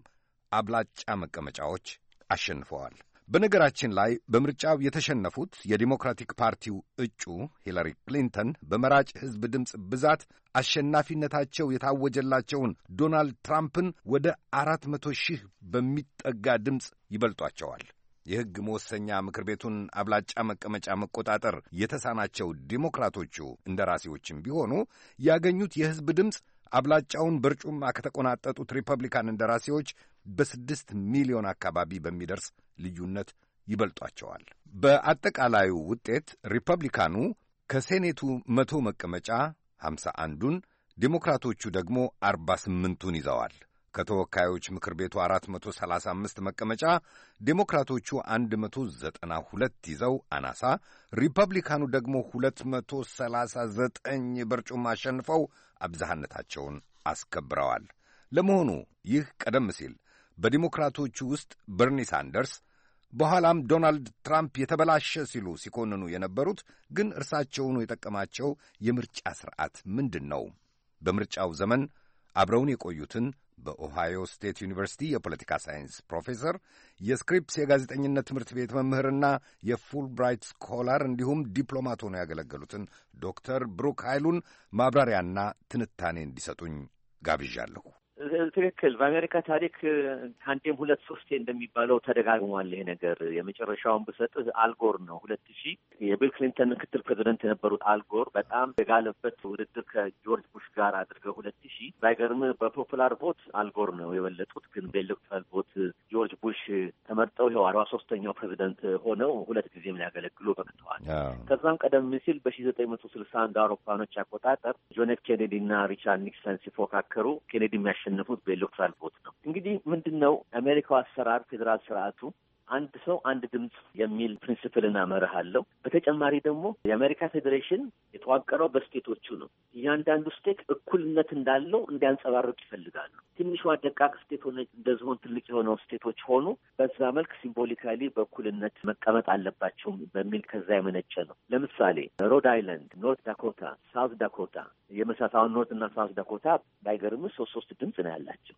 አብላጫ መቀመጫዎች አሸንፈዋል። በነገራችን ላይ በምርጫው የተሸነፉት የዲሞክራቲክ ፓርቲው እጩ ሂላሪ ክሊንተን በመራጭ ሕዝብ ድምፅ ብዛት አሸናፊነታቸው የታወጀላቸውን ዶናልድ ትራምፕን ወደ አራት መቶ ሺህ በሚጠጋ ድምፅ ይበልጧቸዋል። የሕግ መወሰኛ ምክር ቤቱን አብላጫ መቀመጫ መቆጣጠር የተሳናቸው ዲሞክራቶቹ እንደራሴዎችም ቢሆኑ ያገኙት የሕዝብ ድምፅ አብላጫውን በርጩማ ከተቆናጠጡት ሪፐብሊካን እንደራሴዎች በስድስት ሚሊዮን አካባቢ በሚደርስ ልዩነት ይበልጧቸዋል። በአጠቃላዩ ውጤት ሪፐብሊካኑ ከሴኔቱ መቶ መቀመጫ 5ሳ አንዱን ዴሞክራቶቹ ደግሞ አርባ ስምንቱን ይዘዋል። ከተወካዮች ምክር ቤቱ 435 መቀመጫ ዴሞክራቶቹ 192 ይዘው አናሳ፣ ሪፐብሊካኑ ደግሞ 239 በርጩማ አሸንፈው አብዛሃነታቸውን አስከብረዋል። ለመሆኑ ይህ ቀደም ሲል በዲሞክራቶቹ ውስጥ በርኒ ሳንደርስ በኋላም ዶናልድ ትራምፕ የተበላሸ ሲሉ ሲኮንኑ የነበሩት ግን እርሳቸውኑ የጠቀማቸው የምርጫ ሥርዓት ምንድን ነው? በምርጫው ዘመን አብረውን የቆዩትን በኦሃዮ ስቴት ዩኒቨርሲቲ የፖለቲካ ሳይንስ ፕሮፌሰር የስክሪፕስ የጋዜጠኝነት ትምህርት ቤት መምህርና የፉል ብራይት ስኮላር እንዲሁም ዲፕሎማት ሆነው ያገለገሉትን ዶክተር ብሩክ ኃይሉን ማብራሪያና ትንታኔ እንዲሰጡኝ ጋብዣለሁ። ትክክል። በአሜሪካ ታሪክ ከአንዴም ሁለት ሶስቴ እንደሚባለው ተደጋግሟል ይሄ ነገር። የመጨረሻውን ብሰጥ አልጎር ነው። ሁለት ሺ የቢል ክሊንተን ምክትል ፕሬዚደንት የነበሩት አልጎር በጣም የጋለበት ውድድር ከጆርጅ ቡሽ ጋር አድርገው ሁለት ሺ ባይገርም በፖፑላር ቮት አልጎር ነው የበለጡት፣ ግን በኤሌክትራል ቮት ጆርጅ ቡሽ ተመርጠው ይኸው አርባ ሶስተኛው ፕሬዚደንት ሆነው ሁለት ጊዜ ያገለግሉ በቅተዋል። ከዛም ቀደም ሲል በሺ ዘጠኝ መቶ ስልሳ አንድ አውሮፓኖች አቆጣጠር ጆን ኤፍ ኬኔዲ እና ሪቻርድ ኒክሰን ሲፎካከሩ ኬኔዲ የሚያሸ ያሸነፉት በኤሌክትራል ቦት ነው። እንግዲህ ምንድን ነው አሜሪካው አሰራር ፌዴራል ስርዓቱ አንድ ሰው አንድ ድምፅ የሚል ፕሪንስፕልና መርህ አለው። በተጨማሪ ደግሞ የአሜሪካ ፌዴሬሽን የተዋቀረው በስቴቶቹ ነው። እያንዳንዱ ስቴት እኩልነት እንዳለው እንዲያንጸባርቅ ይፈልጋሉ። ትንሿ ደቃቅ ስቴት ሆነ እንደ ትልቅ የሆነው ስቴቶች ሆኑ በዛ መልክ ሲምቦሊካሊ በእኩልነት መቀመጥ አለባቸውም በሚል ከዛ የመነጨ ነው። ለምሳሌ ሮድ አይላንድ፣ ኖርት ዳኮታ፣ ሳውት ዳኮታ የመሳሳውን ኖርት እና ሳውት ዳኮታ ባይገርም ሶስት ሶስት ድምፅ ነው ያላቸው።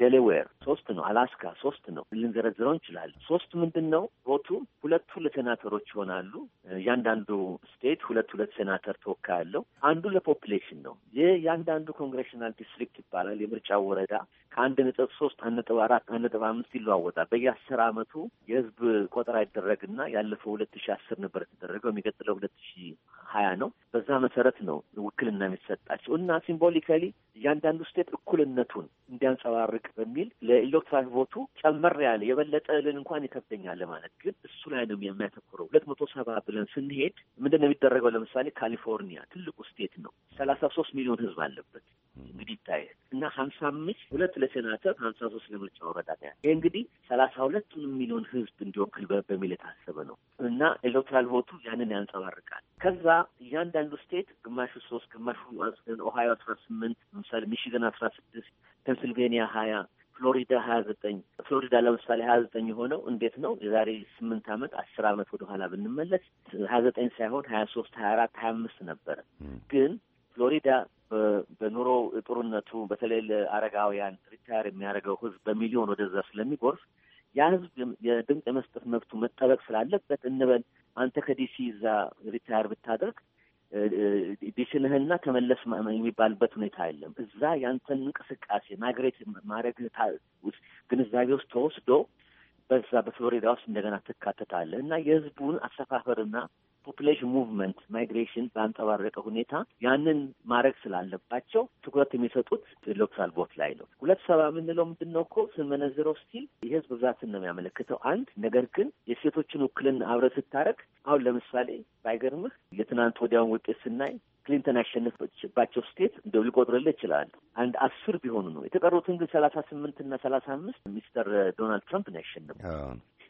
ዴሌዌር ሶስት ነው። አላስካ ሶስት ነው። ልንዘረዝረው እንችላለን። ሶስት ምንድን ነው ቮቱ ሁለት ሴናተሮች ይሆናሉ። እያንዳንዱ ስቴት ሁለት ሁለት ሴናተር ተወካይ አለው። አንዱ ለፖፕሌሽን ነው። ይህ የአንዳንዱ ኮንግሬሽናል ዲስትሪክት ይባላል የምርጫ ወረዳ ከአንድ ነጥብ ሶስት አንድ ነጥብ አራት አንድ ነጥብ አምስት ይለዋወጣል። በየአስር አመቱ የህዝብ ቆጠራ ይደረግና ያለፈው ሁለት ሺ አስር ነበር የተደረገው የሚቀጥለው ሁለት ሺ ሀያ ነው። በዛ መሰረት ነው ውክልና የሚሰጣቸው እና ሲምቦሊካሊ እያንዳንዱ ስቴት እኩልነቱን እንዲያንጸባርቅ በሚል ለኢሌክትራል ቮቱ ጨመር ያለ የበለጠ ልን እንኳን ይከብደኛል ማለት ግን እሱ ላይ ነው የሚያተኩረው። ሁለት መቶ ሰባ ብለን ስንሄድ ምንድን ነው የሚደረገው? ለምሳሌ ካሊፎርኒያ ትልቁ ስቴት ነው። ሰላሳ ሶስት ሚሊዮን ህዝብ አለበት እንግዲህ ይታያል እና ሀምሳ አምስት ሁለት ለሴናተር ሀምሳ ሶስት ለምርጫ ወረዳ ነው ያለ። ይህ እንግዲህ ሰላሳ ሁለቱን ሚሊዮን ህዝብ እንዲወክል በሚል የታሰበ ነው እና ኤሌክትራል ቦቱ ያንን ያንጸባርቃል። ከዛ እያንዳንዱ ስቴት ግማሹ ሶስት ግማሹ ኦሃዮ አስራ ስምንት ለምሳሌ ሚሽገን አስራ ስድስት ፔንስልቬኒያ ሀያ ፍሎሪዳ ሀያ ዘጠኝ ፍሎሪዳ ለምሳሌ ሀያ ዘጠኝ የሆነው እንዴት ነው? የዛሬ ስምንት አመት አስር ዓመት ወደኋላ ብንመለስ ሀያ ዘጠኝ ሳይሆን ሀያ ሶስት ሀያ አራት ሀያ አምስት ነበረ ግን ፍሎሪዳ በኑሮ ጥሩነቱ በተለይ ለአረጋውያን ሪታየር የሚያደርገው ህዝብ በሚሊዮን ወደዛ ስለሚጎርፍ ያ ህዝብ የድምፅ የመስጠት መብቱ መጠበቅ ስላለበት እንበል አንተ ከዲሲ እዛ ሪታየር ብታደርግ ዲሲንህና ተመለስ የሚባልበት ሁኔታ የለም። እዛ ያንተን እንቅስቃሴ ማግሬት ማድረግ ግንዛቤ ውስጥ ተወስዶ በዛ በፍሎሪዳ ውስጥ እንደገና ትካተታለህ እና የህዝቡን አሰፋፈርና ፖፕሌሽን ሙቭመንት ማይግሬሽን በአንጸባረቀ ሁኔታ ያንን ማድረግ ስላለባቸው ትኩረት የሚሰጡት ሎክሳል ቦት ላይ ነው። ሁለት ሰባ የምንለው ምንድን ነው እኮ ስንመነዝረው ስቲል የህዝብ ብዛትን ነው የሚያመለክተው አንድ ነገር ግን የሴቶችን ውክልና አብረ ስታደረግ አሁን ለምሳሌ ባይገርምህ የትናንት ወዲያውን ውጤት ስናይ ክሊንተን ያሸነፈችባቸው ስቴት እንደው ሊቆጥርል ይችላል አንድ አስር ቢሆኑ ነው። የተቀሩትን ግን ሰላሳ ስምንት እና ሰላሳ አምስት ሚስተር ዶናልድ ትራምፕ ነው ያሸነፉ።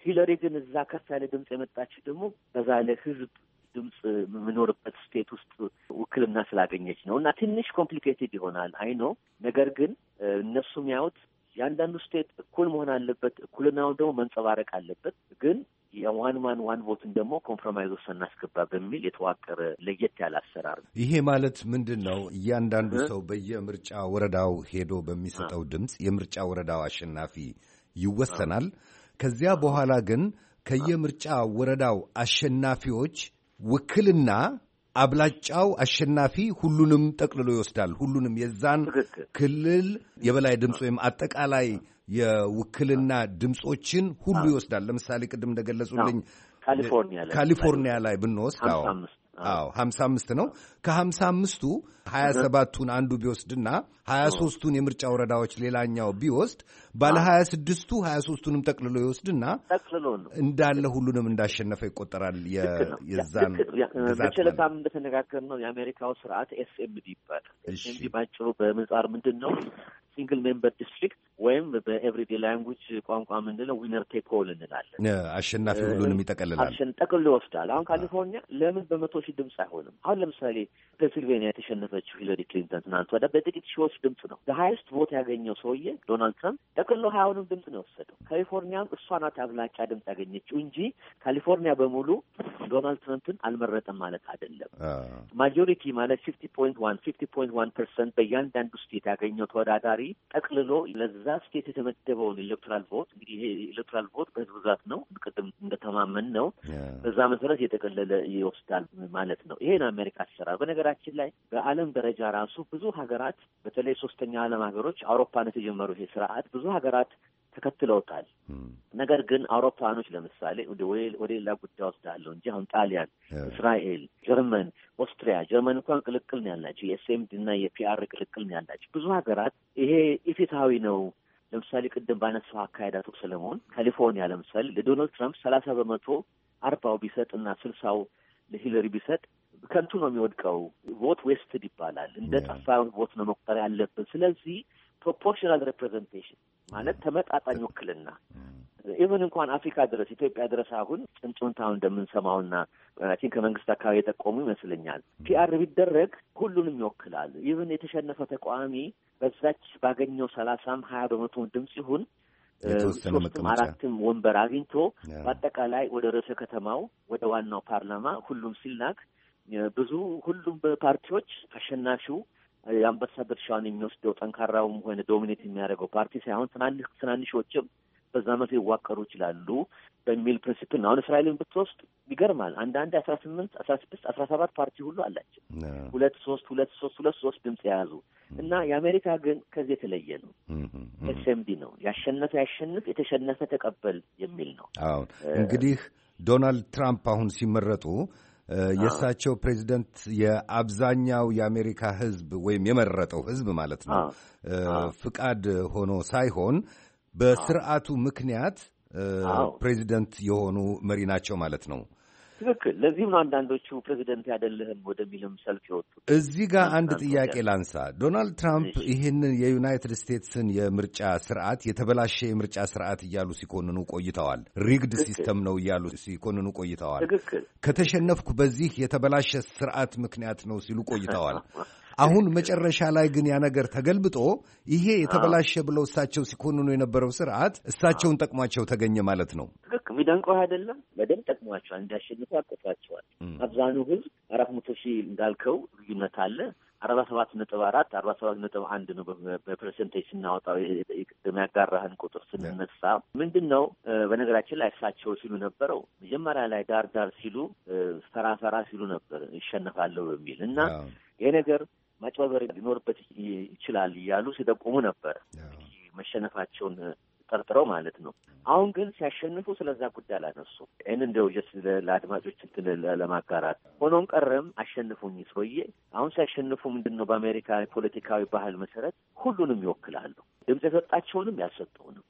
ሂለሪ ግን እዛ ከፍ ያለ ድምፅ የመጣችው ደግሞ በዛ ያለ ህዝብ ድምፅ የምኖርበት ስቴት ውስጥ ውክልና ስላገኘች ነው። እና ትንሽ ኮምፕሊኬትድ ይሆናል ነው። ነገር ግን እነሱ የሚያዩት የአንዳንዱ ስቴት እኩል መሆን አለበት፣ እኩልናውን ደግሞ መንጸባረቅ አለበት። ግን የዋን ማን ዋን ቦትን ደግሞ ኮምፕሮማይዝ ውስጥ እናስገባ በሚል የተዋቀረ ለየት ያለ አሰራር ነው። ይሄ ማለት ምንድን ነው? እያንዳንዱ ሰው በየምርጫ ወረዳው ሄዶ በሚሰጠው ድምፅ የምርጫ ወረዳው አሸናፊ ይወሰናል። ከዚያ በኋላ ግን ከየምርጫ ወረዳው አሸናፊዎች ውክልና አብላጫው አሸናፊ ሁሉንም ጠቅልሎ ይወስዳል። ሁሉንም የዛን ክልል የበላይ ድምፅ ወይም አጠቃላይ የውክልና ድምፆችን ሁሉ ይወስዳል። ለምሳሌ ቅድም እንደገለጹልኝ ካሊፎርኒያ ላይ ብንወስድ አዎ አዎ ሀምሳ አምስት ነው። ከሀምሳ አምስቱ ሀያ ሰባቱን አንዱ ቢወስድና ሀያ ሶስቱን የምርጫ ወረዳዎች ሌላኛው ቢወስድ ባለ ሀያ ስድስቱ ሀያ ሶስቱንም ጠቅልሎ ይወስድና ጠቅልሎ እንዳለ ሁሉንም እንዳሸነፈ ይቆጠራል። የዛን እንደተነጋገር ነው። የአሜሪካው ስርዓት ኤስኤምዲ ይባላል። ኤስኤምዲ ባጭሩ በምህጻር ምንድን ነው? ሲንግል ሜምበር ዲስትሪክት ወይም በኤቭሪዴ ላንጉጅ ቋንቋ የምንለው ዊነር ቴክ ኦል እንላለን። አሸናፊ ሁሉንም ይጠቀልላል፣ ጠቅሎ ይወስዳል። አሁን ካሊፎርኒያ ለምን በመቶ ሺህ ድምፅ አይሆንም? አሁን ለምሳሌ ፔንሲልቬኒያ የተሸነፈችው ሂለሪ ክሊንተን ትናንት ወዲያ በጥቂት ሺዎች ድምፅ ነው። በሀይስት ቮት ያገኘው ሰውዬ ዶናልድ ትራምፕ ጠቅሎ ሀያውንም ድምፅ ነው የወሰደው። ካሊፎርኒያም እሷ ናት አብላጫ ድምፅ ያገኘችው እንጂ ካሊፎርኒያ በሙሉ ዶናልድ ትራምፕን አልመረጠም ማለት አይደለም። ማጆሪቲ ማለት ፊፍቲ ፖይንት ዋን ፊፍቲ ፖይንት ዋን ፐርሰንት በእያንዳንዱ ስቴት ያገኘው ተወዳዳሪ ጠቅልሎ ለዛ ስቴት የተመደበውን ኤሌክቶራል ቮት እንግዲህ ይሄ ኤሌክቶራል ቮት በህዝብ ብዛት ነው፣ ቅድም እንደተማመን ነው። በዛ መሰረት የጠቀለለ ይወስዳል ማለት ነው። ይሄን አሜሪካ ሲሰራ። በነገራችን ላይ በዓለም ደረጃ ራሱ ብዙ ሀገራት በተለይ ሶስተኛ ዓለም ሀገሮች አውሮፓን የተጀመሩ ይሄ ስርዓት ብዙ ሀገራት ተከትለውታል። ነገር ግን አውሮፓኖች ለምሳሌ ወደ ሌላ ጉዳይ ወስዳለሁ እንጂ አሁን ጣሊያን፣ እስራኤል፣ ጀርመን፣ ኦስትሪያ ጀርመን እንኳን ቅልቅል ነው ያላቸው የኤስኤምድ እና የፒአር ቅልቅል ነው ያላቸው ብዙ ሀገራት ይሄ ኢፍትሐዊ ነው። ለምሳሌ ቅድም ባነሳው አካሄድ አቶ ሰለሞን ካሊፎርኒያ ለምሳሌ ለዶናልድ ትራምፕ ሰላሳ በመቶ አርባው ቢሰጥ እና ስልሳው ለሂለሪ ቢሰጥ ከንቱ ነው የሚወድቀው። ቮት ዌስትድ ይባላል። እንደ ጠፋ ቮት ነው መቁጠር ያለብን። ስለዚህ ፕሮፖርሽናል ሬፕሬዘንቴሽን ማለት ተመጣጣኝ ውክልና ኢቨን እንኳን አፍሪካ ድረስ ኢትዮጵያ ድረስ አሁን ጭምጭምታውን እንደምንሰማውና ቲን ከመንግስት አካባቢ የጠቆሙ ይመስለኛል ፒአር ቢደረግ ሁሉንም ይወክላል። ኢቨን የተሸነፈ ተቃዋሚ በዛች ባገኘው ሰላሳም ሀያ በመቶ ድምፅ ይሁን ሶስትም አራትም ወንበር አግኝቶ በአጠቃላይ ወደ ርዕሰ ከተማው ወደ ዋናው ፓርላማ ሁሉም ሲላክ ብዙ ሁሉም በፓርቲዎች አሸናፊው የአንበሳ ድርሻውን የሚወስደው ጠንካራውም ሆነ ዶሚኔት የሚያደርገው ፓርቲ ሳይሆን ትናንሽ ትናንሾችም በዛ መልክ ሊዋቀሩ ይችላሉ በሚል ፕሪንሲፕል ነው። አሁን እስራኤልን ብትወስድ ይገርማል። አንዳንድ አስራ ስምንት አስራ ስድስት አስራ ሰባት ፓርቲ ሁሉ አላቸው። ሁለት ሶስት ሁለት ሶስት ሁለት ሶስት ድምፅ የያዙ እና የአሜሪካ ግን ከዚህ የተለየ ነው። ኤስኤምዲ ነው ያሸነፈ ያሸንፍ፣ የተሸነፈ ተቀበል የሚል ነው። አዎ እንግዲህ ዶናልድ ትራምፕ አሁን ሲመረጡ የእሳቸው ፕሬዚደንት የአብዛኛው የአሜሪካ ሕዝብ ወይም የመረጠው ሕዝብ ማለት ነው ፍቃድ ሆኖ ሳይሆን በስርዓቱ ምክንያት ፕሬዚደንት የሆኑ መሪ ናቸው ማለት ነው። ትክክል። ለዚህም ነው አንዳንዶቹ ፕሬዚደንት ያደልህም ወደሚልም ሰልፍ የወጡ። እዚህ ጋር አንድ ጥያቄ ላንሳ። ዶናልድ ትራምፕ ይህንን የዩናይትድ ስቴትስን የምርጫ ስርዓት የተበላሸ የምርጫ ስርዓት እያሉ ሲኮንኑ ቆይተዋል። ሪግድ ሲስተም ነው እያሉ ሲኮንኑ ቆይተዋል። ትክክል። ከተሸነፍኩ በዚህ የተበላሸ ስርዓት ምክንያት ነው ሲሉ ቆይተዋል። [laughs] አሁን መጨረሻ ላይ ግን ያ ነገር ተገልብጦ ይሄ የተበላሸ ብለው እሳቸው ሲኮንኑ የነበረው ስርዓት እሳቸውን ጠቅሟቸው ተገኘ ማለት ነው። ልክ የሚደንቀው አይደለም። በደንብ ጠቅሟቸዋል። እንዲያሸንፉ አቅቷቸዋል። አብዛኛው ህዝብ አራት መቶ ሺህ እንዳልከው ልዩነት አለ። አርባ ሰባት ነጥብ አራት አርባ ሰባት ነጥብ አንድ ነው። በፐርሰንቴጅ ስናወጣው ቅድም ያጋራህን ቁጥር ስንነሳ ምንድን ነው? በነገራችን ላይ እሳቸው ሲሉ ነበረው መጀመሪያ ላይ ዳር ዳር ሲሉ ፈራፈራ ሲሉ ነበር ይሸነፋለሁ በሚል እና ይሄ ነገር ማጭበርበር ሊኖርበት ይችላል እያሉ ሲጠቁሙ ነበር። መሸነፋቸውን ጠርጥረው ማለት ነው። አሁን ግን ሲያሸንፉ ስለዛ ጉዳይ አላነሱ። ይህን እንደው ጀስት ለአድማጮች እንትን ለማጋራት ሆኖም ቀረም አሸንፉኝ ሰውዬ አሁን ሲያሸንፉ ምንድን ነው በአሜሪካ ፖለቲካዊ ባህል መሰረት ሁሉንም ይወክላሉ። ድምፅ የሰጣቸውንም ያልሰጠውንም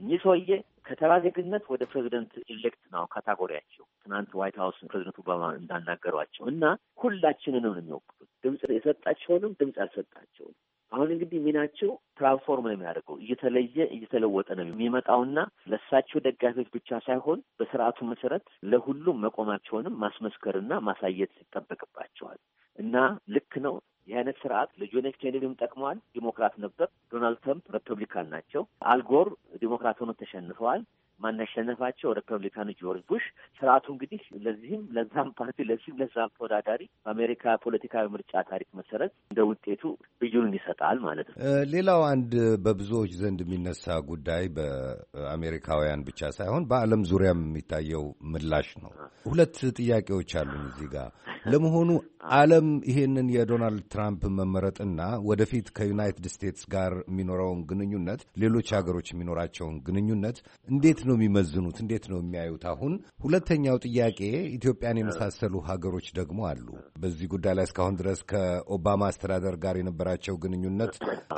እኚህ ሰውዬ ከተራ ዜግነት ወደ ፕሬዚደንት ኢሌክት ነው ካታጎሪያቸው። ትናንት ዋይት ሀውስ ፕሬዚደንት ኦባማ እንዳናገሯቸው እና ሁላችንንም ነው የሚወክሉት ድምፅ የሰጣቸውንም ድምፅ ያልሰጣቸውን አሁን እንግዲህ ሚናቸው ትራንስፎርም ነው የሚያደርገው። እየተለየ እየተለወጠ ነው የሚመጣውና ለእሳቸው ደጋፊዎች ብቻ ሳይሆን በስርዓቱ መሰረት ለሁሉም መቆማቸውንም ማስመስከርና ማሳየት ይጠበቅባቸዋል እና ልክ ነው ይህ አይነት ስርዓት ለጆን ኬኔዲም ጠቅመዋል። ዲሞክራት ነበር። ዶናልድ ትራምፕ ሪፐብሊካን ናቸው። አልጎር ዲሞክራት ሆኖ ተሸንፈዋል። ማናሸነፋቸው ሪፐብሊካኑ ጆርጅ ቡሽ። ስርዓቱ እንግዲህ ለዚህም ለዛም ፓርቲ ለዚህም ለዛም ተወዳዳሪ በአሜሪካ ፖለቲካዊ ምርጫ ታሪክ መሰረት እንደ ውጤቱ ብዩን ይሰጣል ማለት ነው። ሌላው አንድ በብዙዎች ዘንድ የሚነሳ ጉዳይ በአሜሪካውያን ብቻ ሳይሆን በዓለም ዙሪያም የሚታየው ምላሽ ነው። ሁለት ጥያቄዎች አሉን እዚህ ጋር። [laughs] ለመሆኑ ዓለም ይሄንን የዶናልድ ትራምፕ መመረጥና ወደፊት ከዩናይትድ ስቴትስ ጋር የሚኖረውን ግንኙነት፣ ሌሎች ሀገሮች የሚኖራቸውን ግንኙነት እንዴት ነው የሚመዝኑት? እንዴት ነው የሚያዩት? አሁን ሁለተኛው ጥያቄ ኢትዮጵያን የመሳሰሉ ሀገሮች ደግሞ አሉ። በዚህ ጉዳይ ላይ እስካሁን ድረስ ከኦባማ አስተዳደር ጋር የነበራቸው ግንኙነት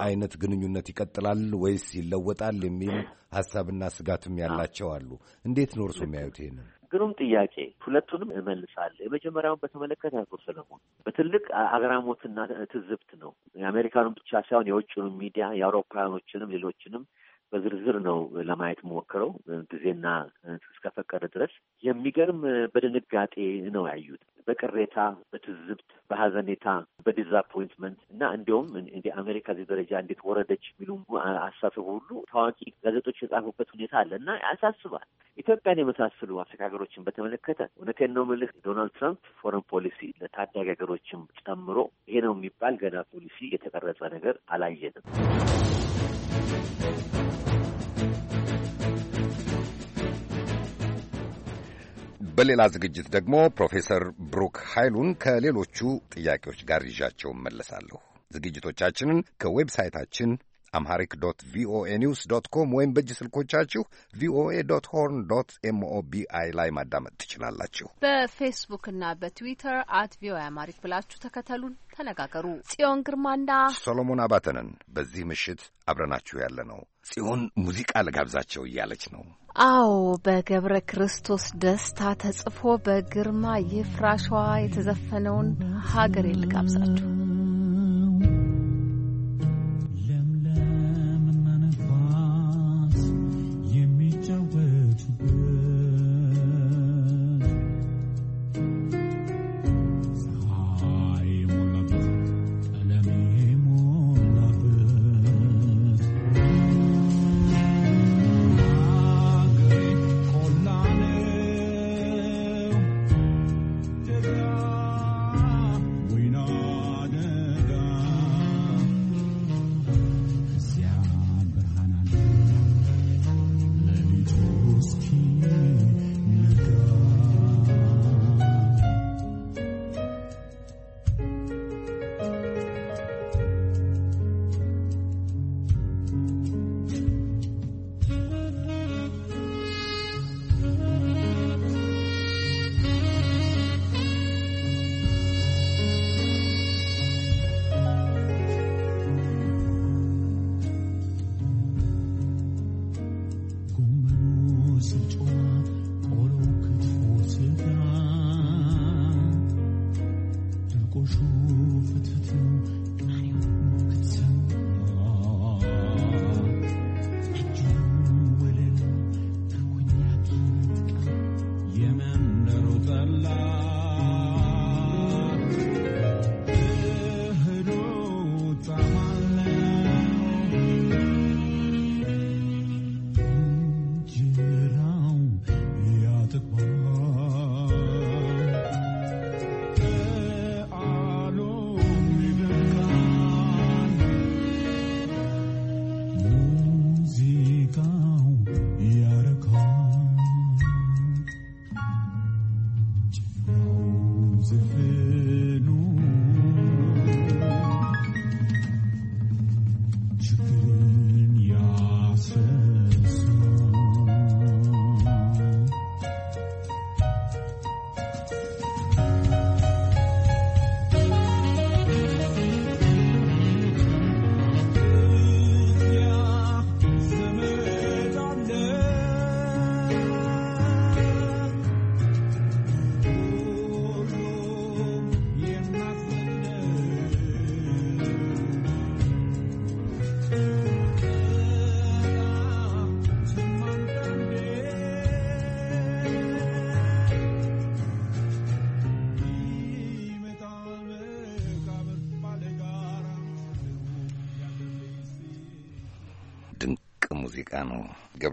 አይነት ግንኙነት ይቀጥላል ወይስ ይለወጣል የሚል ሀሳብና ስጋትም ያላቸው አሉ። እንዴት ነው እርስዎ የሚያዩት ይህንን? ግሩም ጥያቄ። ሁለቱንም እመልሳለሁ። የመጀመሪያውን በተመለከተ አቶ ሰለሞን በትልቅ አግራሞትና ትዝብት ነው የአሜሪካኑን ብቻ ሳይሆን የውጭንም ሚዲያ የአውሮፓውያኖችንም ሌሎችንም በዝርዝር ነው ለማየት ሞክረው ጊዜና እስከፈቀደ ድረስ የሚገርም በድንጋጤ ነው ያዩት። በቅሬታ፣ በትዝብት፣ በሀዘኔታ፣ በዲዛፖይንትመንት እና እንዲሁም እንዲ አሜሪካ እዚህ ደረጃ እንዴት ወረደች የሚሉ አሳሰቡ ሁሉ ታዋቂ ጋዜጦች የጻፉበት ሁኔታ አለ እና ያሳስባል። ኢትዮጵያን የመሳሰሉ አፍሪካ ሀገሮችን በተመለከተ እውነቴን ነው የምልህ ዶናልድ ትራምፕ ፎረን ፖሊሲ ለታዳጊ ሀገሮችም ጨምሮ ይሄ ነው የሚባል ገና ፖሊሲ የተቀረጸ ነገር አላየንም። በሌላ ዝግጅት ደግሞ ፕሮፌሰር ብሩክ ኃይሉን ከሌሎቹ ጥያቄዎች ጋር ይዣቸው መለሳለሁ። ዝግጅቶቻችንን ከዌብሳይታችን አምሃሪክ ዶት ቪኦኤ ኒውስ ዶት ኮም ወይም በእጅ ስልኮቻችሁ ቪኦኤ ዶት ሆርን ዶት ኤምኦቢአይ ላይ ማዳመጥ ትችላላችሁ። በፌስቡክና በትዊተር አት ቪኦኤ አማሪክ ብላችሁ ተከተሉን፣ ተነጋገሩ። ጽዮን ግርማና ሶሎሞን አባተንን በዚህ ምሽት አብረናችሁ ያለ ነው። ጽዮን ሙዚቃ ልጋብዛቸው እያለች ነው። አዎ በገብረ ክርስቶስ ደስታ ተጽፎ በግርማ ይፍራሸዋ የተዘፈነውን ሀገሬ ልጋብዛችሁ።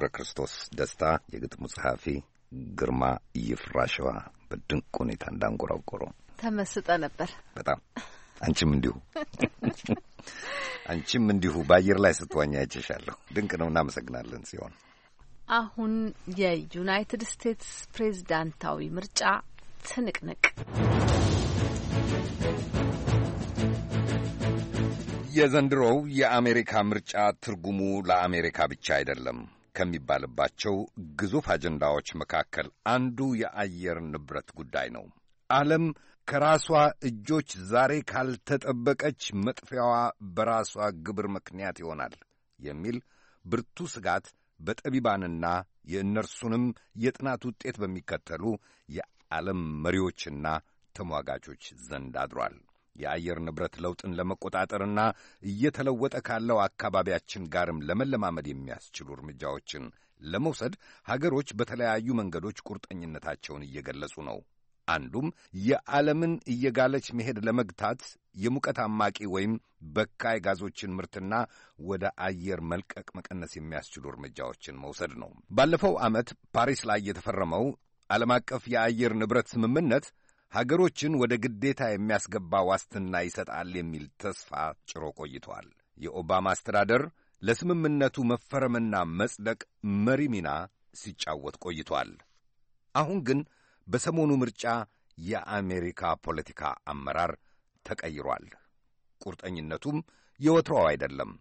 ገብረ ክርስቶስ ደስታ፣ የግጥሙ ጸሐፊ ግርማ ይፍራሸዋ በድንቅ ሁኔታ እንዳንጎራጎረው ተመስጠ ነበር። በጣም አንቺም እንዲሁ አንቺም እንዲሁ በአየር ላይ ስትዋኝ አይቼሻለሁ። ድንቅ ነው። እናመሰግናለን ሲሆን አሁን የዩናይትድ ስቴትስ ፕሬዚዳንታዊ ምርጫ ትንቅንቅ የዘንድሮው የአሜሪካ ምርጫ ትርጉሙ ለአሜሪካ ብቻ አይደለም። ከሚባልባቸው ግዙፍ አጀንዳዎች መካከል አንዱ የአየር ንብረት ጉዳይ ነው። ዓለም ከራሷ እጆች ዛሬ ካልተጠበቀች መጥፊያዋ በራሷ ግብር ምክንያት ይሆናል የሚል ብርቱ ስጋት በጠቢባንና የእነርሱንም የጥናት ውጤት በሚከተሉ የዓለም መሪዎችና ተሟጋቾች ዘንድ አድሯል። የአየር ንብረት ለውጥን ለመቆጣጠርና እየተለወጠ ካለው አካባቢያችን ጋርም ለመለማመድ የሚያስችሉ እርምጃዎችን ለመውሰድ ሀገሮች በተለያዩ መንገዶች ቁርጠኝነታቸውን እየገለጹ ነው። አንዱም የዓለምን እየጋለች መሄድ ለመግታት የሙቀት አማቂ ወይም በካይ ጋዞችን ምርትና ወደ አየር መልቀቅ መቀነስ የሚያስችሉ እርምጃዎችን መውሰድ ነው። ባለፈው ዓመት ፓሪስ ላይ የተፈረመው ዓለም አቀፍ የአየር ንብረት ስምምነት ሀገሮችን ወደ ግዴታ የሚያስገባ ዋስትና ይሰጣል የሚል ተስፋ ጭሮ ቆይቷል። የኦባማ አስተዳደር ለስምምነቱ መፈረምና መጽደቅ መሪ ሚና ሲጫወት ቆይቷል። አሁን ግን በሰሞኑ ምርጫ የአሜሪካ ፖለቲካ አመራር ተቀይሯል። ቁርጠኝነቱም የወትሮው አይደለም።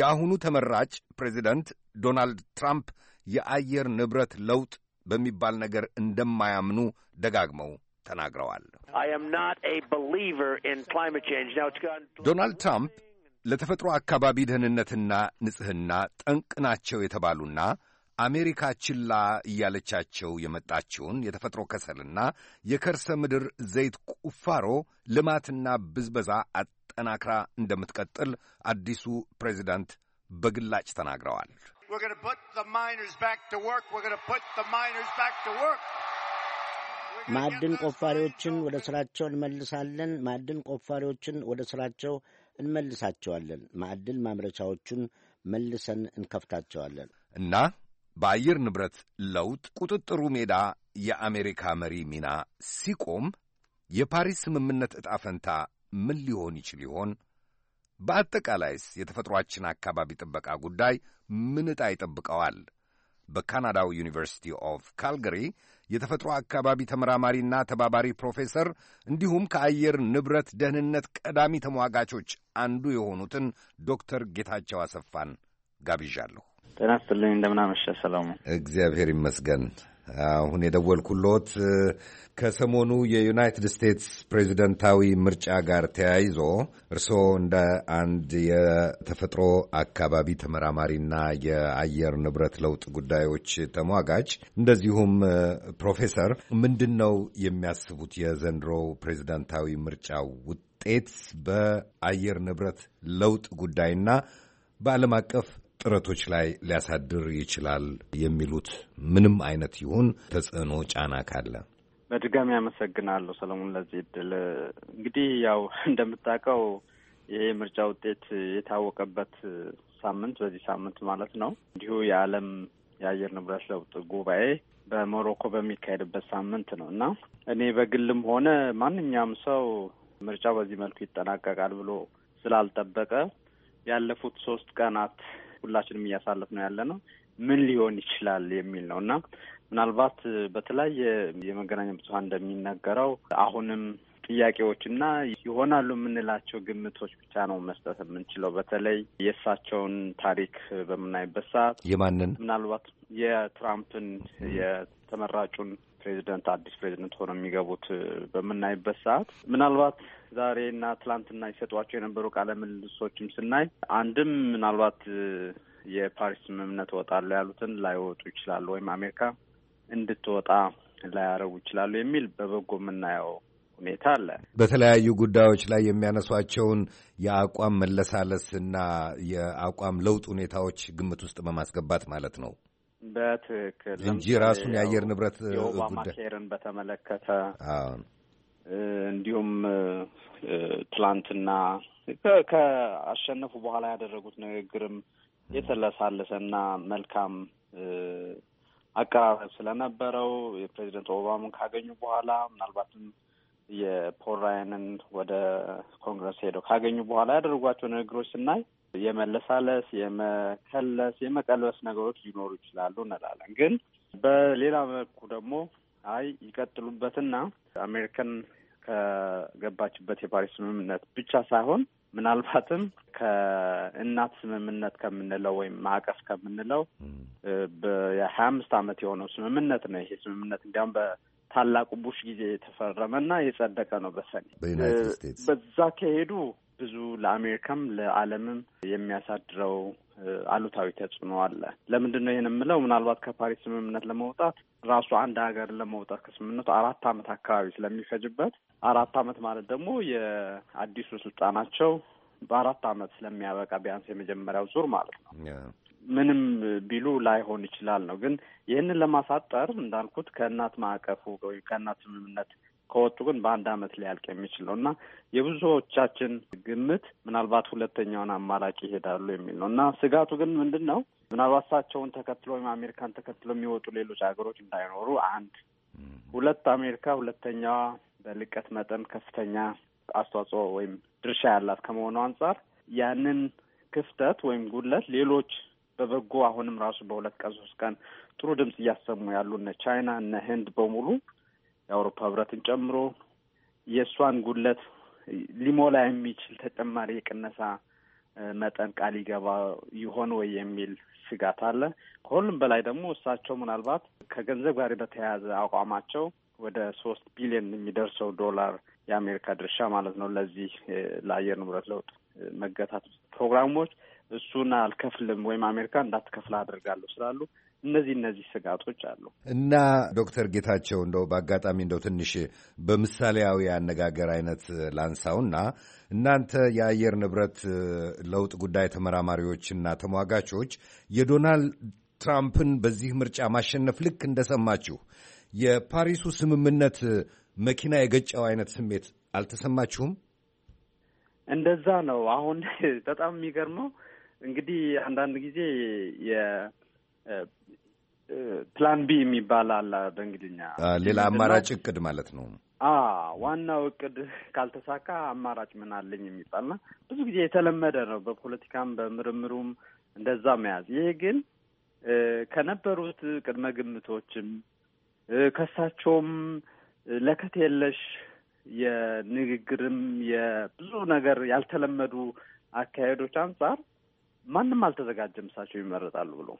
የአሁኑ ተመራጭ ፕሬዚደንት ዶናልድ ትራምፕ የአየር ንብረት ለውጥ በሚባል ነገር እንደማያምኑ ደጋግመው ተናግረዋል። ዶናልድ ትራምፕ ለተፈጥሮ አካባቢ ደህንነትና ንጽሕና ጠንቅ ናቸው የተባሉና አሜሪካ ችላ እያለቻቸው የመጣችውን የተፈጥሮ ከሰልና የከርሰ ምድር ዘይት ቁፋሮ ልማትና ብዝበዛ አጠናክራ እንደምትቀጥል አዲሱ ፕሬዚዳንት በግላጭ ተናግረዋል። ማዕድን ቆፋሪዎችን ወደ ስራቸው እንመልሳለን። ማዕድን ቆፋሪዎችን ወደ ስራቸው እንመልሳቸዋለን። ማዕድን ማምረቻዎቹን መልሰን እንከፍታቸዋለን እና በአየር ንብረት ለውጥ ቁጥጥሩ ሜዳ የአሜሪካ መሪ ሚና ሲቆም የፓሪስ ስምምነት ዕጣ ፈንታ ምን ሊሆን ይችል ይሆን? በአጠቃላይስ የተፈጥሯችን አካባቢ ጥበቃ ጉዳይ ምን ዕጣ ይጠብቀዋል? በካናዳው ዩኒቨርሲቲ ኦፍ ካልገሪ የተፈጥሮ አካባቢ ተመራማሪና ተባባሪ ፕሮፌሰር እንዲሁም ከአየር ንብረት ደህንነት ቀዳሚ ተሟጋቾች አንዱ የሆኑትን ዶክተር ጌታቸው አሰፋን ጋብዣለሁ። ጤና ይስጥልኝ። እንደምናመሸ ሰለሞን። እግዚአብሔር ይመስገን። አሁን የደወልኩሎት ከሰሞኑ የዩናይትድ ስቴትስ ፕሬዚደንታዊ ምርጫ ጋር ተያይዞ እርስዎ እንደ አንድ የተፈጥሮ አካባቢ ተመራማሪና የአየር ንብረት ለውጥ ጉዳዮች ተሟጋች እንደዚሁም ፕሮፌሰር ምንድን ነው የሚያስቡት የዘንድሮ ፕሬዚደንታዊ ምርጫ ውጤት በአየር ንብረት ለውጥ ጉዳይና በዓለም አቀፍ ጥረቶች ላይ ሊያሳድር ይችላል የሚሉት ምንም አይነት ይሁን ተጽዕኖ ጫና ካለ? በድጋሚ አመሰግናለሁ ሰለሞን ለዚህ እድል። እንግዲህ ያው [laughs] እንደምታውቀው ይሄ የምርጫ ውጤት የታወቀበት ሳምንት በዚህ ሳምንት ማለት ነው እንዲሁ የዓለም የአየር ንብረት ለውጥ ጉባኤ በሞሮኮ በሚካሄድበት ሳምንት ነው እና እኔ በግልም ሆነ ማንኛውም ሰው ምርጫው በዚህ መልኩ ይጠናቀቃል ብሎ ስላልጠበቀ ያለፉት ሶስት ቀናት ሁላችንም እያሳለፍ ነው ያለ ነው ምን ሊሆን ይችላል የሚል ነው እና ምናልባት በተለያየ የመገናኛ ብዙኃን እንደሚነገረው አሁንም ጥያቄዎች እና ይሆናሉ የምንላቸው ግምቶች ብቻ ነው መስጠት የምንችለው። በተለይ የእሳቸውን ታሪክ በምናይበት ሰዓት የማንን ምናልባት የትራምፕን የተመራጩን ፕሬዚደንት አዲስ ፕሬዚደንት ሆነው የሚገቡት በምናይበት ሰዓት ምናልባት ዛሬና ትላንትና ይሰጧቸው የነበሩ ቃለ ምልልሶችም ስናይ አንድም ምናልባት የፓሪስ ስምምነት እወጣለሁ ያሉትን ላይወጡ ይችላሉ ወይም አሜሪካ እንድትወጣ ላያረጉ ይችላሉ የሚል በበጎ የምናየው ሁኔታ አለ። በተለያዩ ጉዳዮች ላይ የሚያነሷቸውን የአቋም መለሳለስና የአቋም ለውጥ ሁኔታዎች ግምት ውስጥ በማስገባት ማለት ነው። በትክክል እንጂ ራሱን የአየር ንብረት የኦባማ ኬርን በተመለከተ እንዲሁም ትላንትና ከአሸነፉ በኋላ ያደረጉት ንግግርም የተለሳለሰና መልካም አቀራረብ ስለነበረው የፕሬዚደንት ኦባማን ካገኙ በኋላ ምናልባትም የፖል ራያንን ወደ ኮንግረስ ሄደው ካገኙ በኋላ ያደረጓቸው ንግግሮች ስናይ የመለሳለስ፣ የመከለስ፣ የመቀልበስ ነገሮች ሊኖሩ ይችላሉ እንላለን። ግን በሌላ መልኩ ደግሞ አይ ይቀጥሉበትና አሜሪካን ከገባችበት የፓሪስ ስምምነት ብቻ ሳይሆን ምናልባትም ከእናት ስምምነት ከምንለው ወይም ማዕቀፍ ከምንለው የሀያ አምስት ዓመት የሆነው ስምምነት ነው። ይሄ ስምምነት እንዲያውም በታላቁ ቡሽ ጊዜ የተፈረመ እና የጸደቀ ነው በሰኔ በዛ ከሄዱ ብዙ ለአሜሪካም ለዓለምም የሚያሳድረው አሉታዊ ተጽዕኖ አለ። ለምንድን ነው ይህን የምለው? ምናልባት ከፓሪስ ስምምነት ለመውጣት ራሱ አንድ ሀገር ለመውጣት ከስምምነቱ አራት ዓመት አካባቢ ስለሚፈጅበት አራት ዓመት ማለት ደግሞ የአዲሱ ስልጣናቸው በአራት ዓመት ስለሚያበቃ ቢያንስ የመጀመሪያው ዙር ማለት ነው ምንም ቢሉ ላይሆን ይችላል ነው። ግን ይህንን ለማሳጠር እንዳልኩት ከእናት ማዕቀፉ ወይም ከእናት ስምምነት ከወጡ ግን በአንድ አመት ሊያልቅ የሚችል ነው እና የብዙዎቻችን ግምት ምናልባት ሁለተኛውን አማራጭ ይሄዳሉ የሚል ነው እና ስጋቱ ግን ምንድን ነው? ምናልባት እሳቸውን ተከትሎ ወይም አሜሪካን ተከትሎ የሚወጡ ሌሎች ሀገሮች እንዳይኖሩ አንድ ሁለት አሜሪካ ሁለተኛዋ በልቀት መጠን ከፍተኛ አስተዋጽኦ ወይም ድርሻ ያላት ከመሆኑ አንጻር ያንን ክፍተት ወይም ጉድለት ሌሎች በበጎ አሁንም ራሱ በሁለት ቀን ሶስት ቀን ጥሩ ድምፅ እያሰሙ ያሉ እነ ቻይና እነ ህንድ በሙሉ የአውሮፓ ህብረትን ጨምሮ የእሷን ጉድለት ሊሞላ የሚችል ተጨማሪ የቅነሳ መጠን ቃል ይገባ ይሆን ወይ የሚል ስጋት አለ። ከሁሉም በላይ ደግሞ እሳቸው ምናልባት ከገንዘብ ጋር በተያያዘ አቋማቸው ወደ ሶስት ቢሊዮን የሚደርሰው ዶላር የአሜሪካ ድርሻ ማለት ነው ለዚህ ለአየር ንብረት ለውጥ መገታት ፕሮግራሞች እሱን አልከፍልም ወይም አሜሪካ እንዳትከፍል አድርጋለሁ ስላሉ እነዚህ እነዚህ ስጋቶች አሉ እና ዶክተር ጌታቸው እንደው በአጋጣሚ እንደው ትንሽ በምሳሌያዊ አነጋገር አይነት ላንሳውና እናንተ የአየር ንብረት ለውጥ ጉዳይ ተመራማሪዎችና ተሟጋቾች የዶናልድ ትራምፕን በዚህ ምርጫ ማሸነፍ ልክ እንደሰማችሁ የፓሪሱ ስምምነት መኪና የገጨው አይነት ስሜት አልተሰማችሁም? እንደዛ ነው። አሁን [laughs] በጣም የሚገርመው እንግዲህ አንዳንድ ጊዜ ፕላን ቢ የሚባል አለ በእንግሊዝኛ ሌላ አማራጭ እቅድ ማለት ነው። ዋናው እቅድ ካልተሳካ አማራጭ ምን አለኝ የሚባልና ብዙ ጊዜ የተለመደ ነው በፖለቲካም በምርምሩም እንደዛ መያዝ። ይህ ግን ከነበሩት ቅድመ ግምቶችም ከሳቸውም ለከት የለሽ የንግግርም የብዙ ነገር ያልተለመዱ አካሄዶች አንጻር ማንም አልተዘጋጀም እሳቸው ይመረጣሉ ብሎ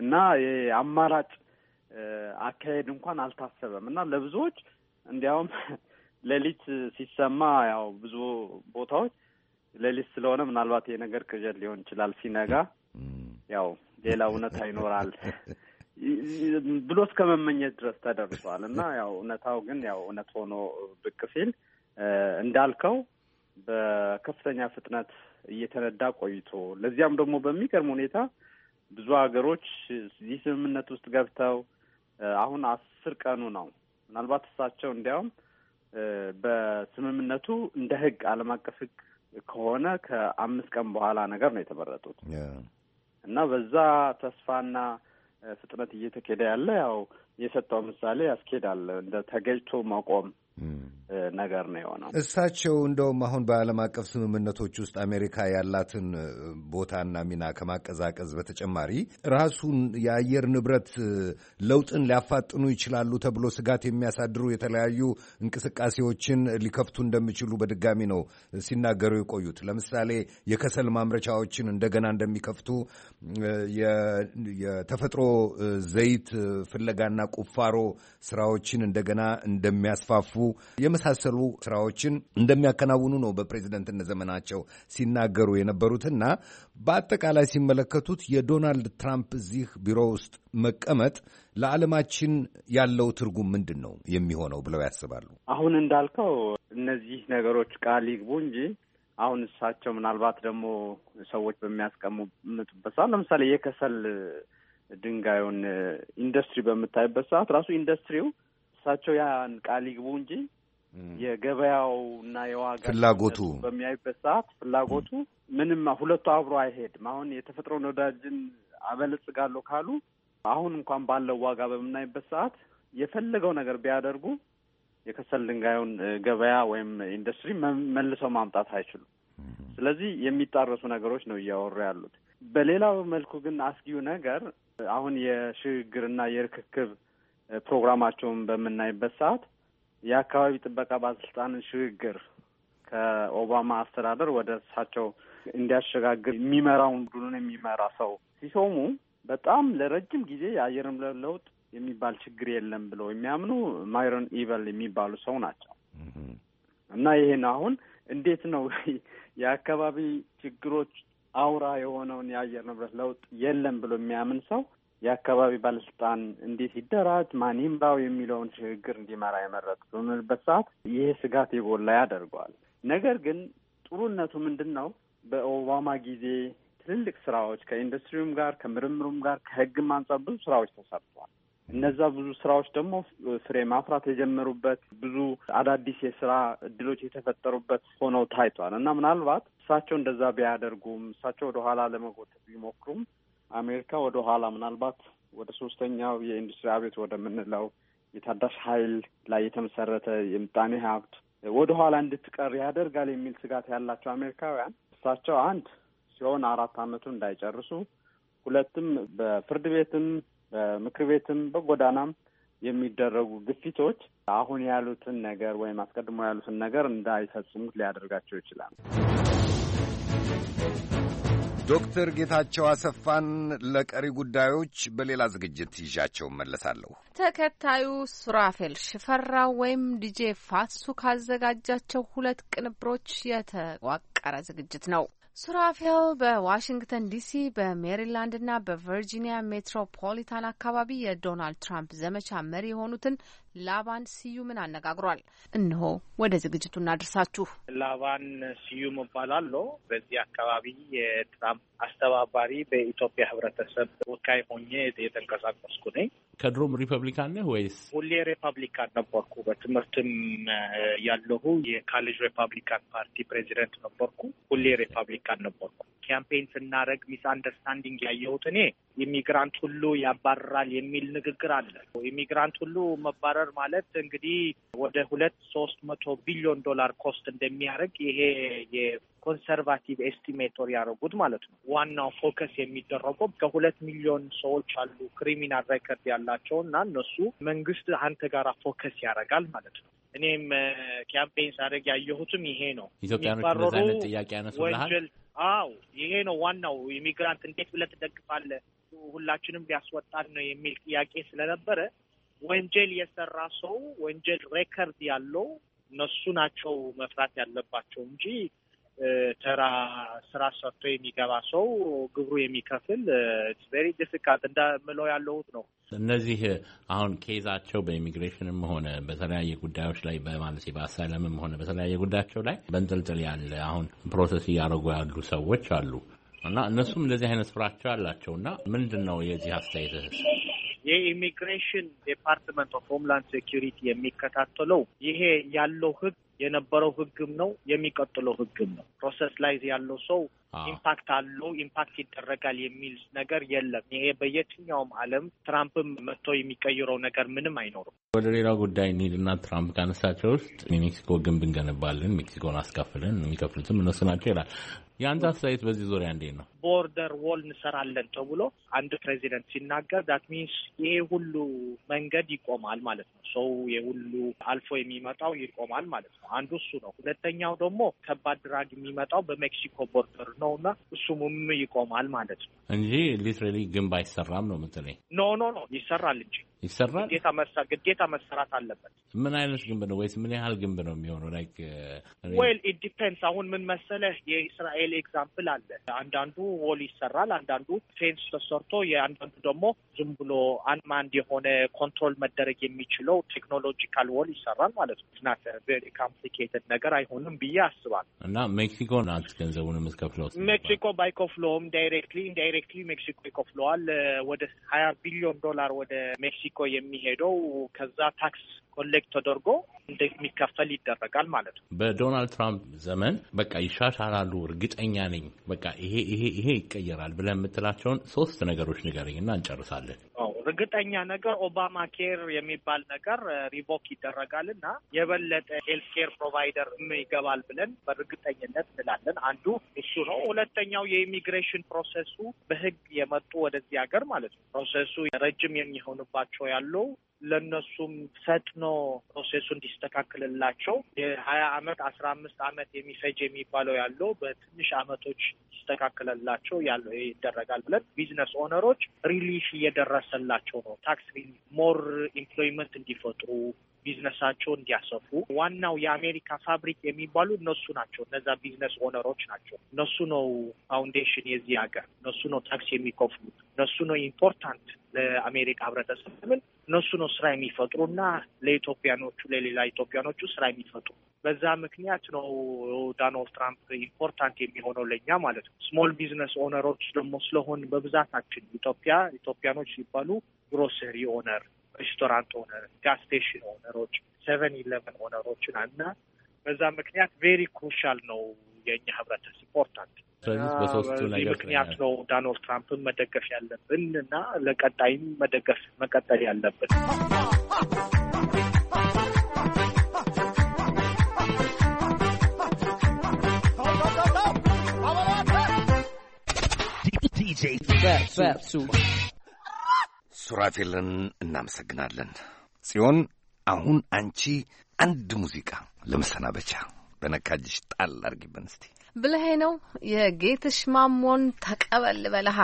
እና የአማራጭ አካሄድ እንኳን አልታሰበም እና ለብዙዎች እንዲያውም [laughs] ሌሊት ሲሰማ ያው ብዙ ቦታዎች ሌሊት ስለሆነ ምናልባት ይሄ ነገር ቅዠት ሊሆን ይችላል፣ ሲነጋ ያው ሌላ እውነታ ይኖራል [laughs] ብሎ እስከ መመኘት ድረስ ተደርሷል እና ያው እውነታው ግን ያው እውነት ሆኖ ብቅ ሲል እንዳልከው በከፍተኛ ፍጥነት እየተነዳ ቆይቶ ለዚያም ደግሞ በሚገርም ሁኔታ ብዙ ሀገሮች እዚህ ስምምነት ውስጥ ገብተው አሁን አስር ቀኑ ነው። ምናልባት እሳቸው እንዲያውም በስምምነቱ እንደ ህግ ዓለም አቀፍ ህግ ከሆነ ከአምስት ቀን በኋላ ነገር ነው የተመረጡት እና በዛ ተስፋና ፍጥነት እየተኬደ ያለ ያው የሰጠው ምሳሌ ያስኬዳል እንደ ተገጭቶ መቆም ነገር ነው የሆነው። እሳቸው እንደውም አሁን በዓለም አቀፍ ስምምነቶች ውስጥ አሜሪካ ያላትን ቦታና ሚና ከማቀዛቀዝ በተጨማሪ ራሱን የአየር ንብረት ለውጥን ሊያፋጥኑ ይችላሉ ተብሎ ስጋት የሚያሳድሩ የተለያዩ እንቅስቃሴዎችን ሊከፍቱ እንደሚችሉ በድጋሚ ነው ሲናገሩ የቆዩት። ለምሳሌ የከሰል ማምረቻዎችን እንደገና እንደሚከፍቱ፣ የተፈጥሮ ዘይት ፍለጋና ቁፋሮ ስራዎችን እንደገና እንደሚያስፋፉ የመሳሰሉ ስራዎችን እንደሚያከናውኑ ነው በፕሬዝደንትነት ዘመናቸው ሲናገሩ የነበሩትና በአጠቃላይ ሲመለከቱት የዶናልድ ትራምፕ እዚህ ቢሮ ውስጥ መቀመጥ ለዓለማችን ያለው ትርጉም ምንድን ነው የሚሆነው ብለው ያስባሉ? አሁን እንዳልከው እነዚህ ነገሮች ቃል ይግቡ እንጂ አሁን እሳቸው ምናልባት ደግሞ ሰዎች በሚያስቀምጡበት ሰዓት ለምሳሌ የከሰል ድንጋዩን ኢንዱስትሪ በምታይበት ሰዓት ራሱ ኢንዱስትሪው እሳቸው ያን ቃል ይግቡ እንጂ የገበያው እና የዋጋ ፍላጎቱ በሚያይበት ሰዓት ፍላጎቱ ምንም ሁለቱ አብሮ አይሄድም። አሁን የተፈጥሮ ነዳጅን አበለጽጋለሁ ካሉ አሁን እንኳን ባለው ዋጋ በምናይበት ሰዓት የፈለገው ነገር ቢያደርጉ የከሰል ድንጋዩን ገበያ ወይም ኢንዱስትሪ መልሰው ማምጣት አይችሉም። ስለዚህ የሚጣረሱ ነገሮች ነው እያወሩ ያሉት። በሌላው መልኩ ግን አስጊው ነገር አሁን የሽግግርና የርክክብ ፕሮግራማቸውን በምናይበት ሰዓት የአካባቢ ጥበቃ ባለስልጣንን ሽግግር ከኦባማ አስተዳደር ወደ እሳቸው እንዲያሸጋግር የሚመራውን ቡድኑን የሚመራ ሰው ሲሶሙ በጣም ለረጅም ጊዜ የአየር ንብረት ለውጥ የሚባል ችግር የለም ብለው የሚያምኑ ማይሮን ኢቨል የሚባሉ ሰው ናቸው እና ይህን አሁን እንዴት ነው [laughs] የአካባቢ ችግሮች አውራ የሆነውን የአየር ንብረት ለውጥ የለም ብሎ የሚያምን ሰው የአካባቢ ባለስልጣን እንዴት ይደራጅ፣ ማን ይምራው የሚለውን ሽግግር እንዲመራ የመረጡ በምንበት ሰዓት ይሄ ስጋት የጎላ ያደርገዋል። ነገር ግን ጥሩነቱ ምንድን ነው? በኦባማ ጊዜ ትልልቅ ስራዎች ከኢንዱስትሪውም ጋር ከምርምሩም ጋር ከህግም አንጻር ብዙ ስራዎች ተሰርተዋል። እነዛ ብዙ ስራዎች ደግሞ ፍሬ ማፍራት የጀመሩበት ብዙ አዳዲስ የስራ እድሎች የተፈጠሩበት ሆነው ታይቷል እና ምናልባት እሳቸው እንደዛ ቢያደርጉም እሳቸው ወደኋላ ለመጎተት ቢሞክሩም አሜሪካ ወደ ኋላ ምናልባት ወደ ሶስተኛው የኢንዱስትሪ አቤት ወደምንለው የታዳሽ ኃይል ላይ የተመሰረተ የምጣኔ ሀብት ወደ ኋላ እንድትቀር ያደርጋል የሚል ስጋት ያላቸው አሜሪካውያን እሳቸው አንድ ሲሆን አራት አመቱ እንዳይጨርሱ፣ ሁለትም በፍርድ ቤትም በምክር ቤትም በጎዳናም የሚደረጉ ግፊቶች አሁን ያሉትን ነገር ወይም አስቀድሞ ያሉትን ነገር እንዳይፈጽሙት ሊያደርጋቸው ይችላል። ዶክተር ጌታቸው አሰፋን ለቀሪ ጉዳዮች በሌላ ዝግጅት ይዣቸው መለሳለሁ። ተከታዩ ሱራፌል ሽፈራው ወይም ዲጄ ፋሱ ካዘጋጃቸው ሁለት ቅንብሮች የተዋቀረ ዝግጅት ነው። ሱራፌል በዋሽንግተን ዲሲ በሜሪላንድና በቨርጂኒያ ሜትሮፖሊታን አካባቢ የዶናልድ ትራምፕ ዘመቻ መሪ የሆኑትን ላባን ስዩምን አነጋግሯል። እነሆ ወደ ዝግጅቱ እናድርሳችሁ። ላባን ስዩም እባላለሁ። በዚህ አካባቢ የትራምፕ አስተባባሪ በኢትዮጵያ ህብረተሰብ ወካይ ሆኜ የተንቀሳቀስኩ ነኝ። ከድሮም ሪፐብሊካን ነህ ወይስ? ሁሌ ሪፐብሊካን ነበርኩ። በትምህርትም ያለሁ የካሌጅ ሪፐብሊካን ፓርቲ ፕሬዚደንት ነበርኩ። ሁሌ ሪፐብሊካን ነበርኩ። ካምፔን ስናደርግ ሚስ አንደርስታንዲንግ ያየሁት እኔ ኢሚግራንት ሁሉ ያባረራል የሚል ንግግር አለ። ኢሚግራንት ሁሉ መባረር ዶላር ማለት እንግዲህ ወደ ሁለት ሶስት መቶ ቢሊዮን ዶላር ኮስት እንደሚያደርግ ይሄ የኮንሰርቫቲቭ ኤስቲሜቶር ያደረጉት ማለት ነው። ዋናው ፎከስ የሚደረገው ከሁለት ሚሊዮን ሰዎች አሉ ክሪሚናል ሬከርድ ያላቸው እና እነሱ መንግስት አንተ ጋራ ፎከስ ያደርጋል ማለት ነው። እኔም ካምፔን ሳደርግ ያየሁትም ይሄ ነው። ኢትዮጵያኖች ጥያቄ ያነሱልሃል? ይሄ ነው ዋናው። ኢሚግራንት እንዴት ብለህ ትደግፋለህ? ሁላችንም ቢያስወጣን ነው የሚል ጥያቄ ስለነበረ ወንጀል የሰራ ሰው ወንጀል ሬከርድ ያለው እነሱ ናቸው መፍራት ያለባቸው እንጂ ተራ ስራ ሰርቶ የሚገባ ሰው ግብሩ የሚከፍል ቬሪ ዲፊካልት እንደምለው ያለሁት ነው። እነዚህ አሁን ኬዛቸው በኢሚግሬሽንም ሆነ በተለያየ ጉዳዮች ላይ በማለት በአሳይለምም ሆነ በተለያየ ጉዳያቸው ላይ በንጥልጥል ያለ አሁን ፕሮሰስ እያደረጉ ያሉ ሰዎች አሉ እና እነሱም እንደዚህ አይነት ፍራቸው አላቸው እና ምንድን ነው የዚህ አስተያየት የኢሚግሬሽን ዲፓርትመንት ኦፍ ሆምላንድ ሴኪሪቲ የሚከታተለው ይሄ ያለው ህግ የነበረው ህግም ነው የሚቀጥለው ህግም ነው። ፕሮሰስ ላይ ያለው ሰው ኢምፓክት አለው ኢምፓክት ይደረጋል የሚል ነገር የለም። ይሄ በየትኛውም ዓለም ትራምፕም መጥቶ የሚቀይረው ነገር ምንም አይኖርም። ወደ ሌላ ጉዳይ እንሂድና ትራምፕ ካነሳቸው ውስጥ የሜክሲኮ ግንብ እንገነባለን፣ ሜክሲኮን አስከፍለን የሚከፍሉትም እነሱ ናቸው ይላል። የአንተ አስተያየት በዚህ ዙሪያ እንዴት ነው? ቦርደር ዎል እንሰራለን ተብሎ አንድ ፕሬዚደንት ሲናገር ዳት ሚንስ ይሄ ሁሉ መንገድ ይቆማል ማለት ነው። ሰው የሁሉ አልፎ የሚመጣው ይቆማል ማለት ነው። አንዱ እሱ ነው። ሁለተኛው ደግሞ ከባድ ድራግ የሚመጣው በሜክሲኮ ቦርደር ነው እና እሱምም ይቆማል ማለት ነው እንጂ ሊትራሊ ግንብ አይሰራም ነው ምትለኝ? ኖ ኖ ኖ ይሰራል እንጂ ይሰራል። ግዴታ መሰራት አለበት። ምን አይነት ግንብ ነው ወይስ ምን ያህል ግንብ ነው የሚሆነው? ላይክ ዌል ኢት አሁን ምን መሰለህ የእስራኤል ኤግዛምፕል አለ። አንዳንዱ ወል ይሰራል፣ አንዳንዱ ፌንስ ተሰርቶ፣ የአንዳንዱ ደግሞ ዝም ብሎ አንማንድ የሆነ ኮንትሮል መደረግ የሚችለው ቴክኖሎጂካል ወል ይሰራል ማለት ነው። ናት ቬሪ ካምፕሊኬትድ ነገር አይሆንም ብዬ አስባል። እና ሜክሲኮ ናት ገንዘቡን የምትከፍለው። ሜክሲኮ ባይከፍለውም ዳይሬክትሊ ኢንዳይሬክትሊ ሜክሲኮ ይከፍለዋል። ወደ ሀያ ቢሊዮን ዶላር ወደ ሜክሲ ሜክሲኮ የሚሄደው ከዛ ታክስ ኮሌክት ተደርጎ እንደሚከፈል ይደረጋል ማለት ነው። በዶናልድ ትራምፕ ዘመን በቃ ይሻሻላሉ እርግጠኛ ነኝ በቃ ይሄ ይሄ ይሄ ይቀየራል ብለን የምትላቸውን ሶስት ነገሮች ንገረኝ እና እንጨርሳለን። እርግጠኛ ነገር ኦባማ ኬር የሚባል ነገር ሪቮክ ይደረጋል እና የበለጠ ሄልት ኬር ፕሮቫይደር ይገባል ብለን በእርግጠኝነት እንላለን። አንዱ እሱ ነው። ሁለተኛው የኢሚግሬሽን ፕሮሰሱ በህግ የመጡ ወደዚህ ሀገር ማለት ነው ፕሮሰሱ ረጅም የሚሆንባቸው ያለው ለእነሱም ፈጥኖ ፕሮሴሱ እንዲስተካከልላቸው የሀያ አመት አስራ አምስት አመት የሚፈጅ የሚባለው ያለው በትንሽ አመቶች ይስተካከልላቸው ያለው ይደረጋል ብለን ቢዝነስ ኦነሮች ሪሊፍ እየደረሰላቸው ነው። ታክስ ሪሊፍ ሞር ኢምፕሎይመንት እንዲፈጥሩ ቢዝነሳቸው እንዲያሰፉ ዋናው የአሜሪካ ፋብሪክ የሚባሉ እነሱ ናቸው። እነዛ ቢዝነስ ኦነሮች ናቸው። እነሱ ነው ፋውንዴሽን የዚህ ሀገር፣ እነሱ ነው ታክስ የሚከፍሉት፣ እነሱ ነው ኢምፖርታንት ለአሜሪካ ህብረተሰብ ምን እነሱ ነው ስራ የሚፈጥሩ እና ለኢትዮጵያኖቹ ለሌላ ኢትዮጵያኖቹ ስራ የሚፈጥሩ በዛ ምክንያት ነው ዶናልድ ትራምፕ ኢምፖርታንት የሚሆነው ለእኛ ማለት ነው። ስሞል ቢዝነስ ኦነሮች ደግሞ ስለሆን በብዛታችን ኢትዮጵያ ኢትዮጵያኖች ሲባሉ ግሮሰሪ ኦነር ሬስቶራንት ኦነር፣ ጋስ ስቴሽን ኦነሮች፣ ሰቨን ኢለቨን ኦነሮችን እና በዛ ምክንያት ቬሪ ክሩሻል ነው የእኛ ህብረተሰብ ኢምፖርታንት። ስለዚህ በሶስቱ ምክንያት ነው ዶናልድ ትራምፕን መደገፍ ያለብን እና ለቀጣይም መደገፍ መቀጠል ያለብን። [laughs] ሱራፌልን እናመሰግናለን። ጽዮን፣ አሁን አንቺ አንድ ሙዚቃ ለመሰናበቻ በነካጅሽ ጣል አድርጊብን እስቲ ብለሄ ነው የጌትሽ ማሞን ተቀበል በለሃ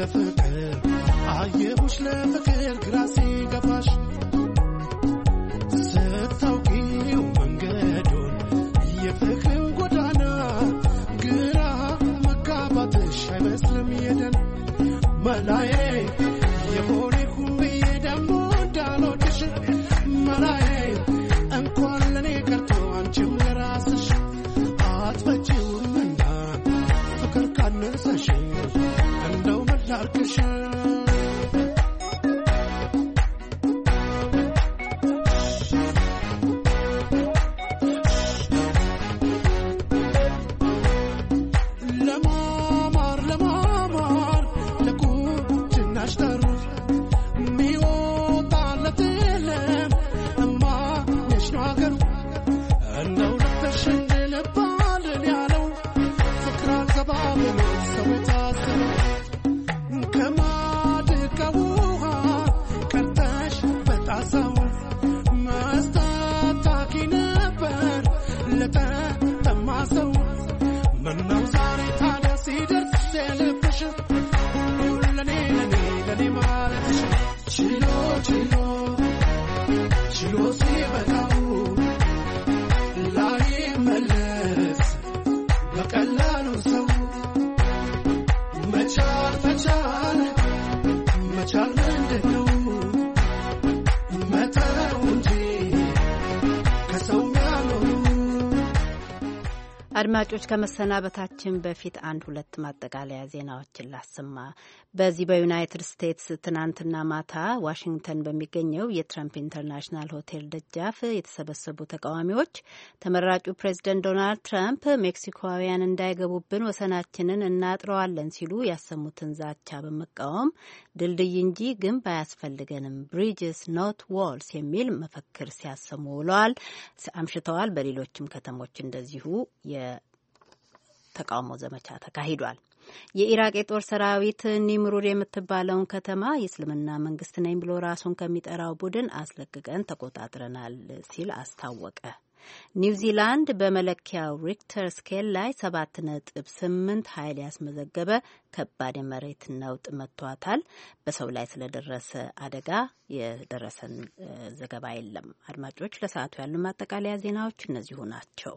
ለፍቅር አየሁሽ ለፍቅር ግራሴ not a picture. አድማጮች ከመሰናበታችን በፊት አንድ ሁለት ማጠቃለያ ዜናዎችን ላሰማ። በዚህ በዩናይትድ ስቴትስ ትናንትና ማታ ዋሽንግተን በሚገኘው የትራምፕ ኢንተርናሽናል ሆቴል ደጃፍ የተሰበሰቡ ተቃዋሚዎች ተመራጩ ፕሬዚደንት ዶናልድ ትራምፕ ሜክሲኮውያን እንዳይገቡብን ወሰናችንን እናጥረዋለን ሲሉ ያሰሙትን ዛቻ በመቃወም ድልድይ እንጂ ግንብ አያስፈልገንም ብሪጅስ ኖት ዋልስ የሚል መፈክር ሲያሰሙ ውለዋል፣ አምሽተዋል። በሌሎችም ከተሞች እንደዚሁ ተቃውሞ ዘመቻ ተካሂዷል። የኢራቅ የጦር ሰራዊት ኒምሩድ የምትባለውን ከተማ የእስልምና መንግስት ነኝ ብሎ ራሱን ከሚጠራው ቡድን አስለቅቀን ተቆጣጥረናል ሲል አስታወቀ። ኒውዚላንድ በመለኪያው ሪክተር ስኬል ላይ ሰባት ነጥብ ስምንት ኃይል ያስመዘገበ ከባድ የመሬት ነውጥ መቷታል። በሰው ላይ ስለደረሰ አደጋ የደረሰን ዘገባ የለም። አድማጮች፣ ለሰዓቱ ያሉ ማጠቃለያ ዜናዎች እነዚሁ ናቸው።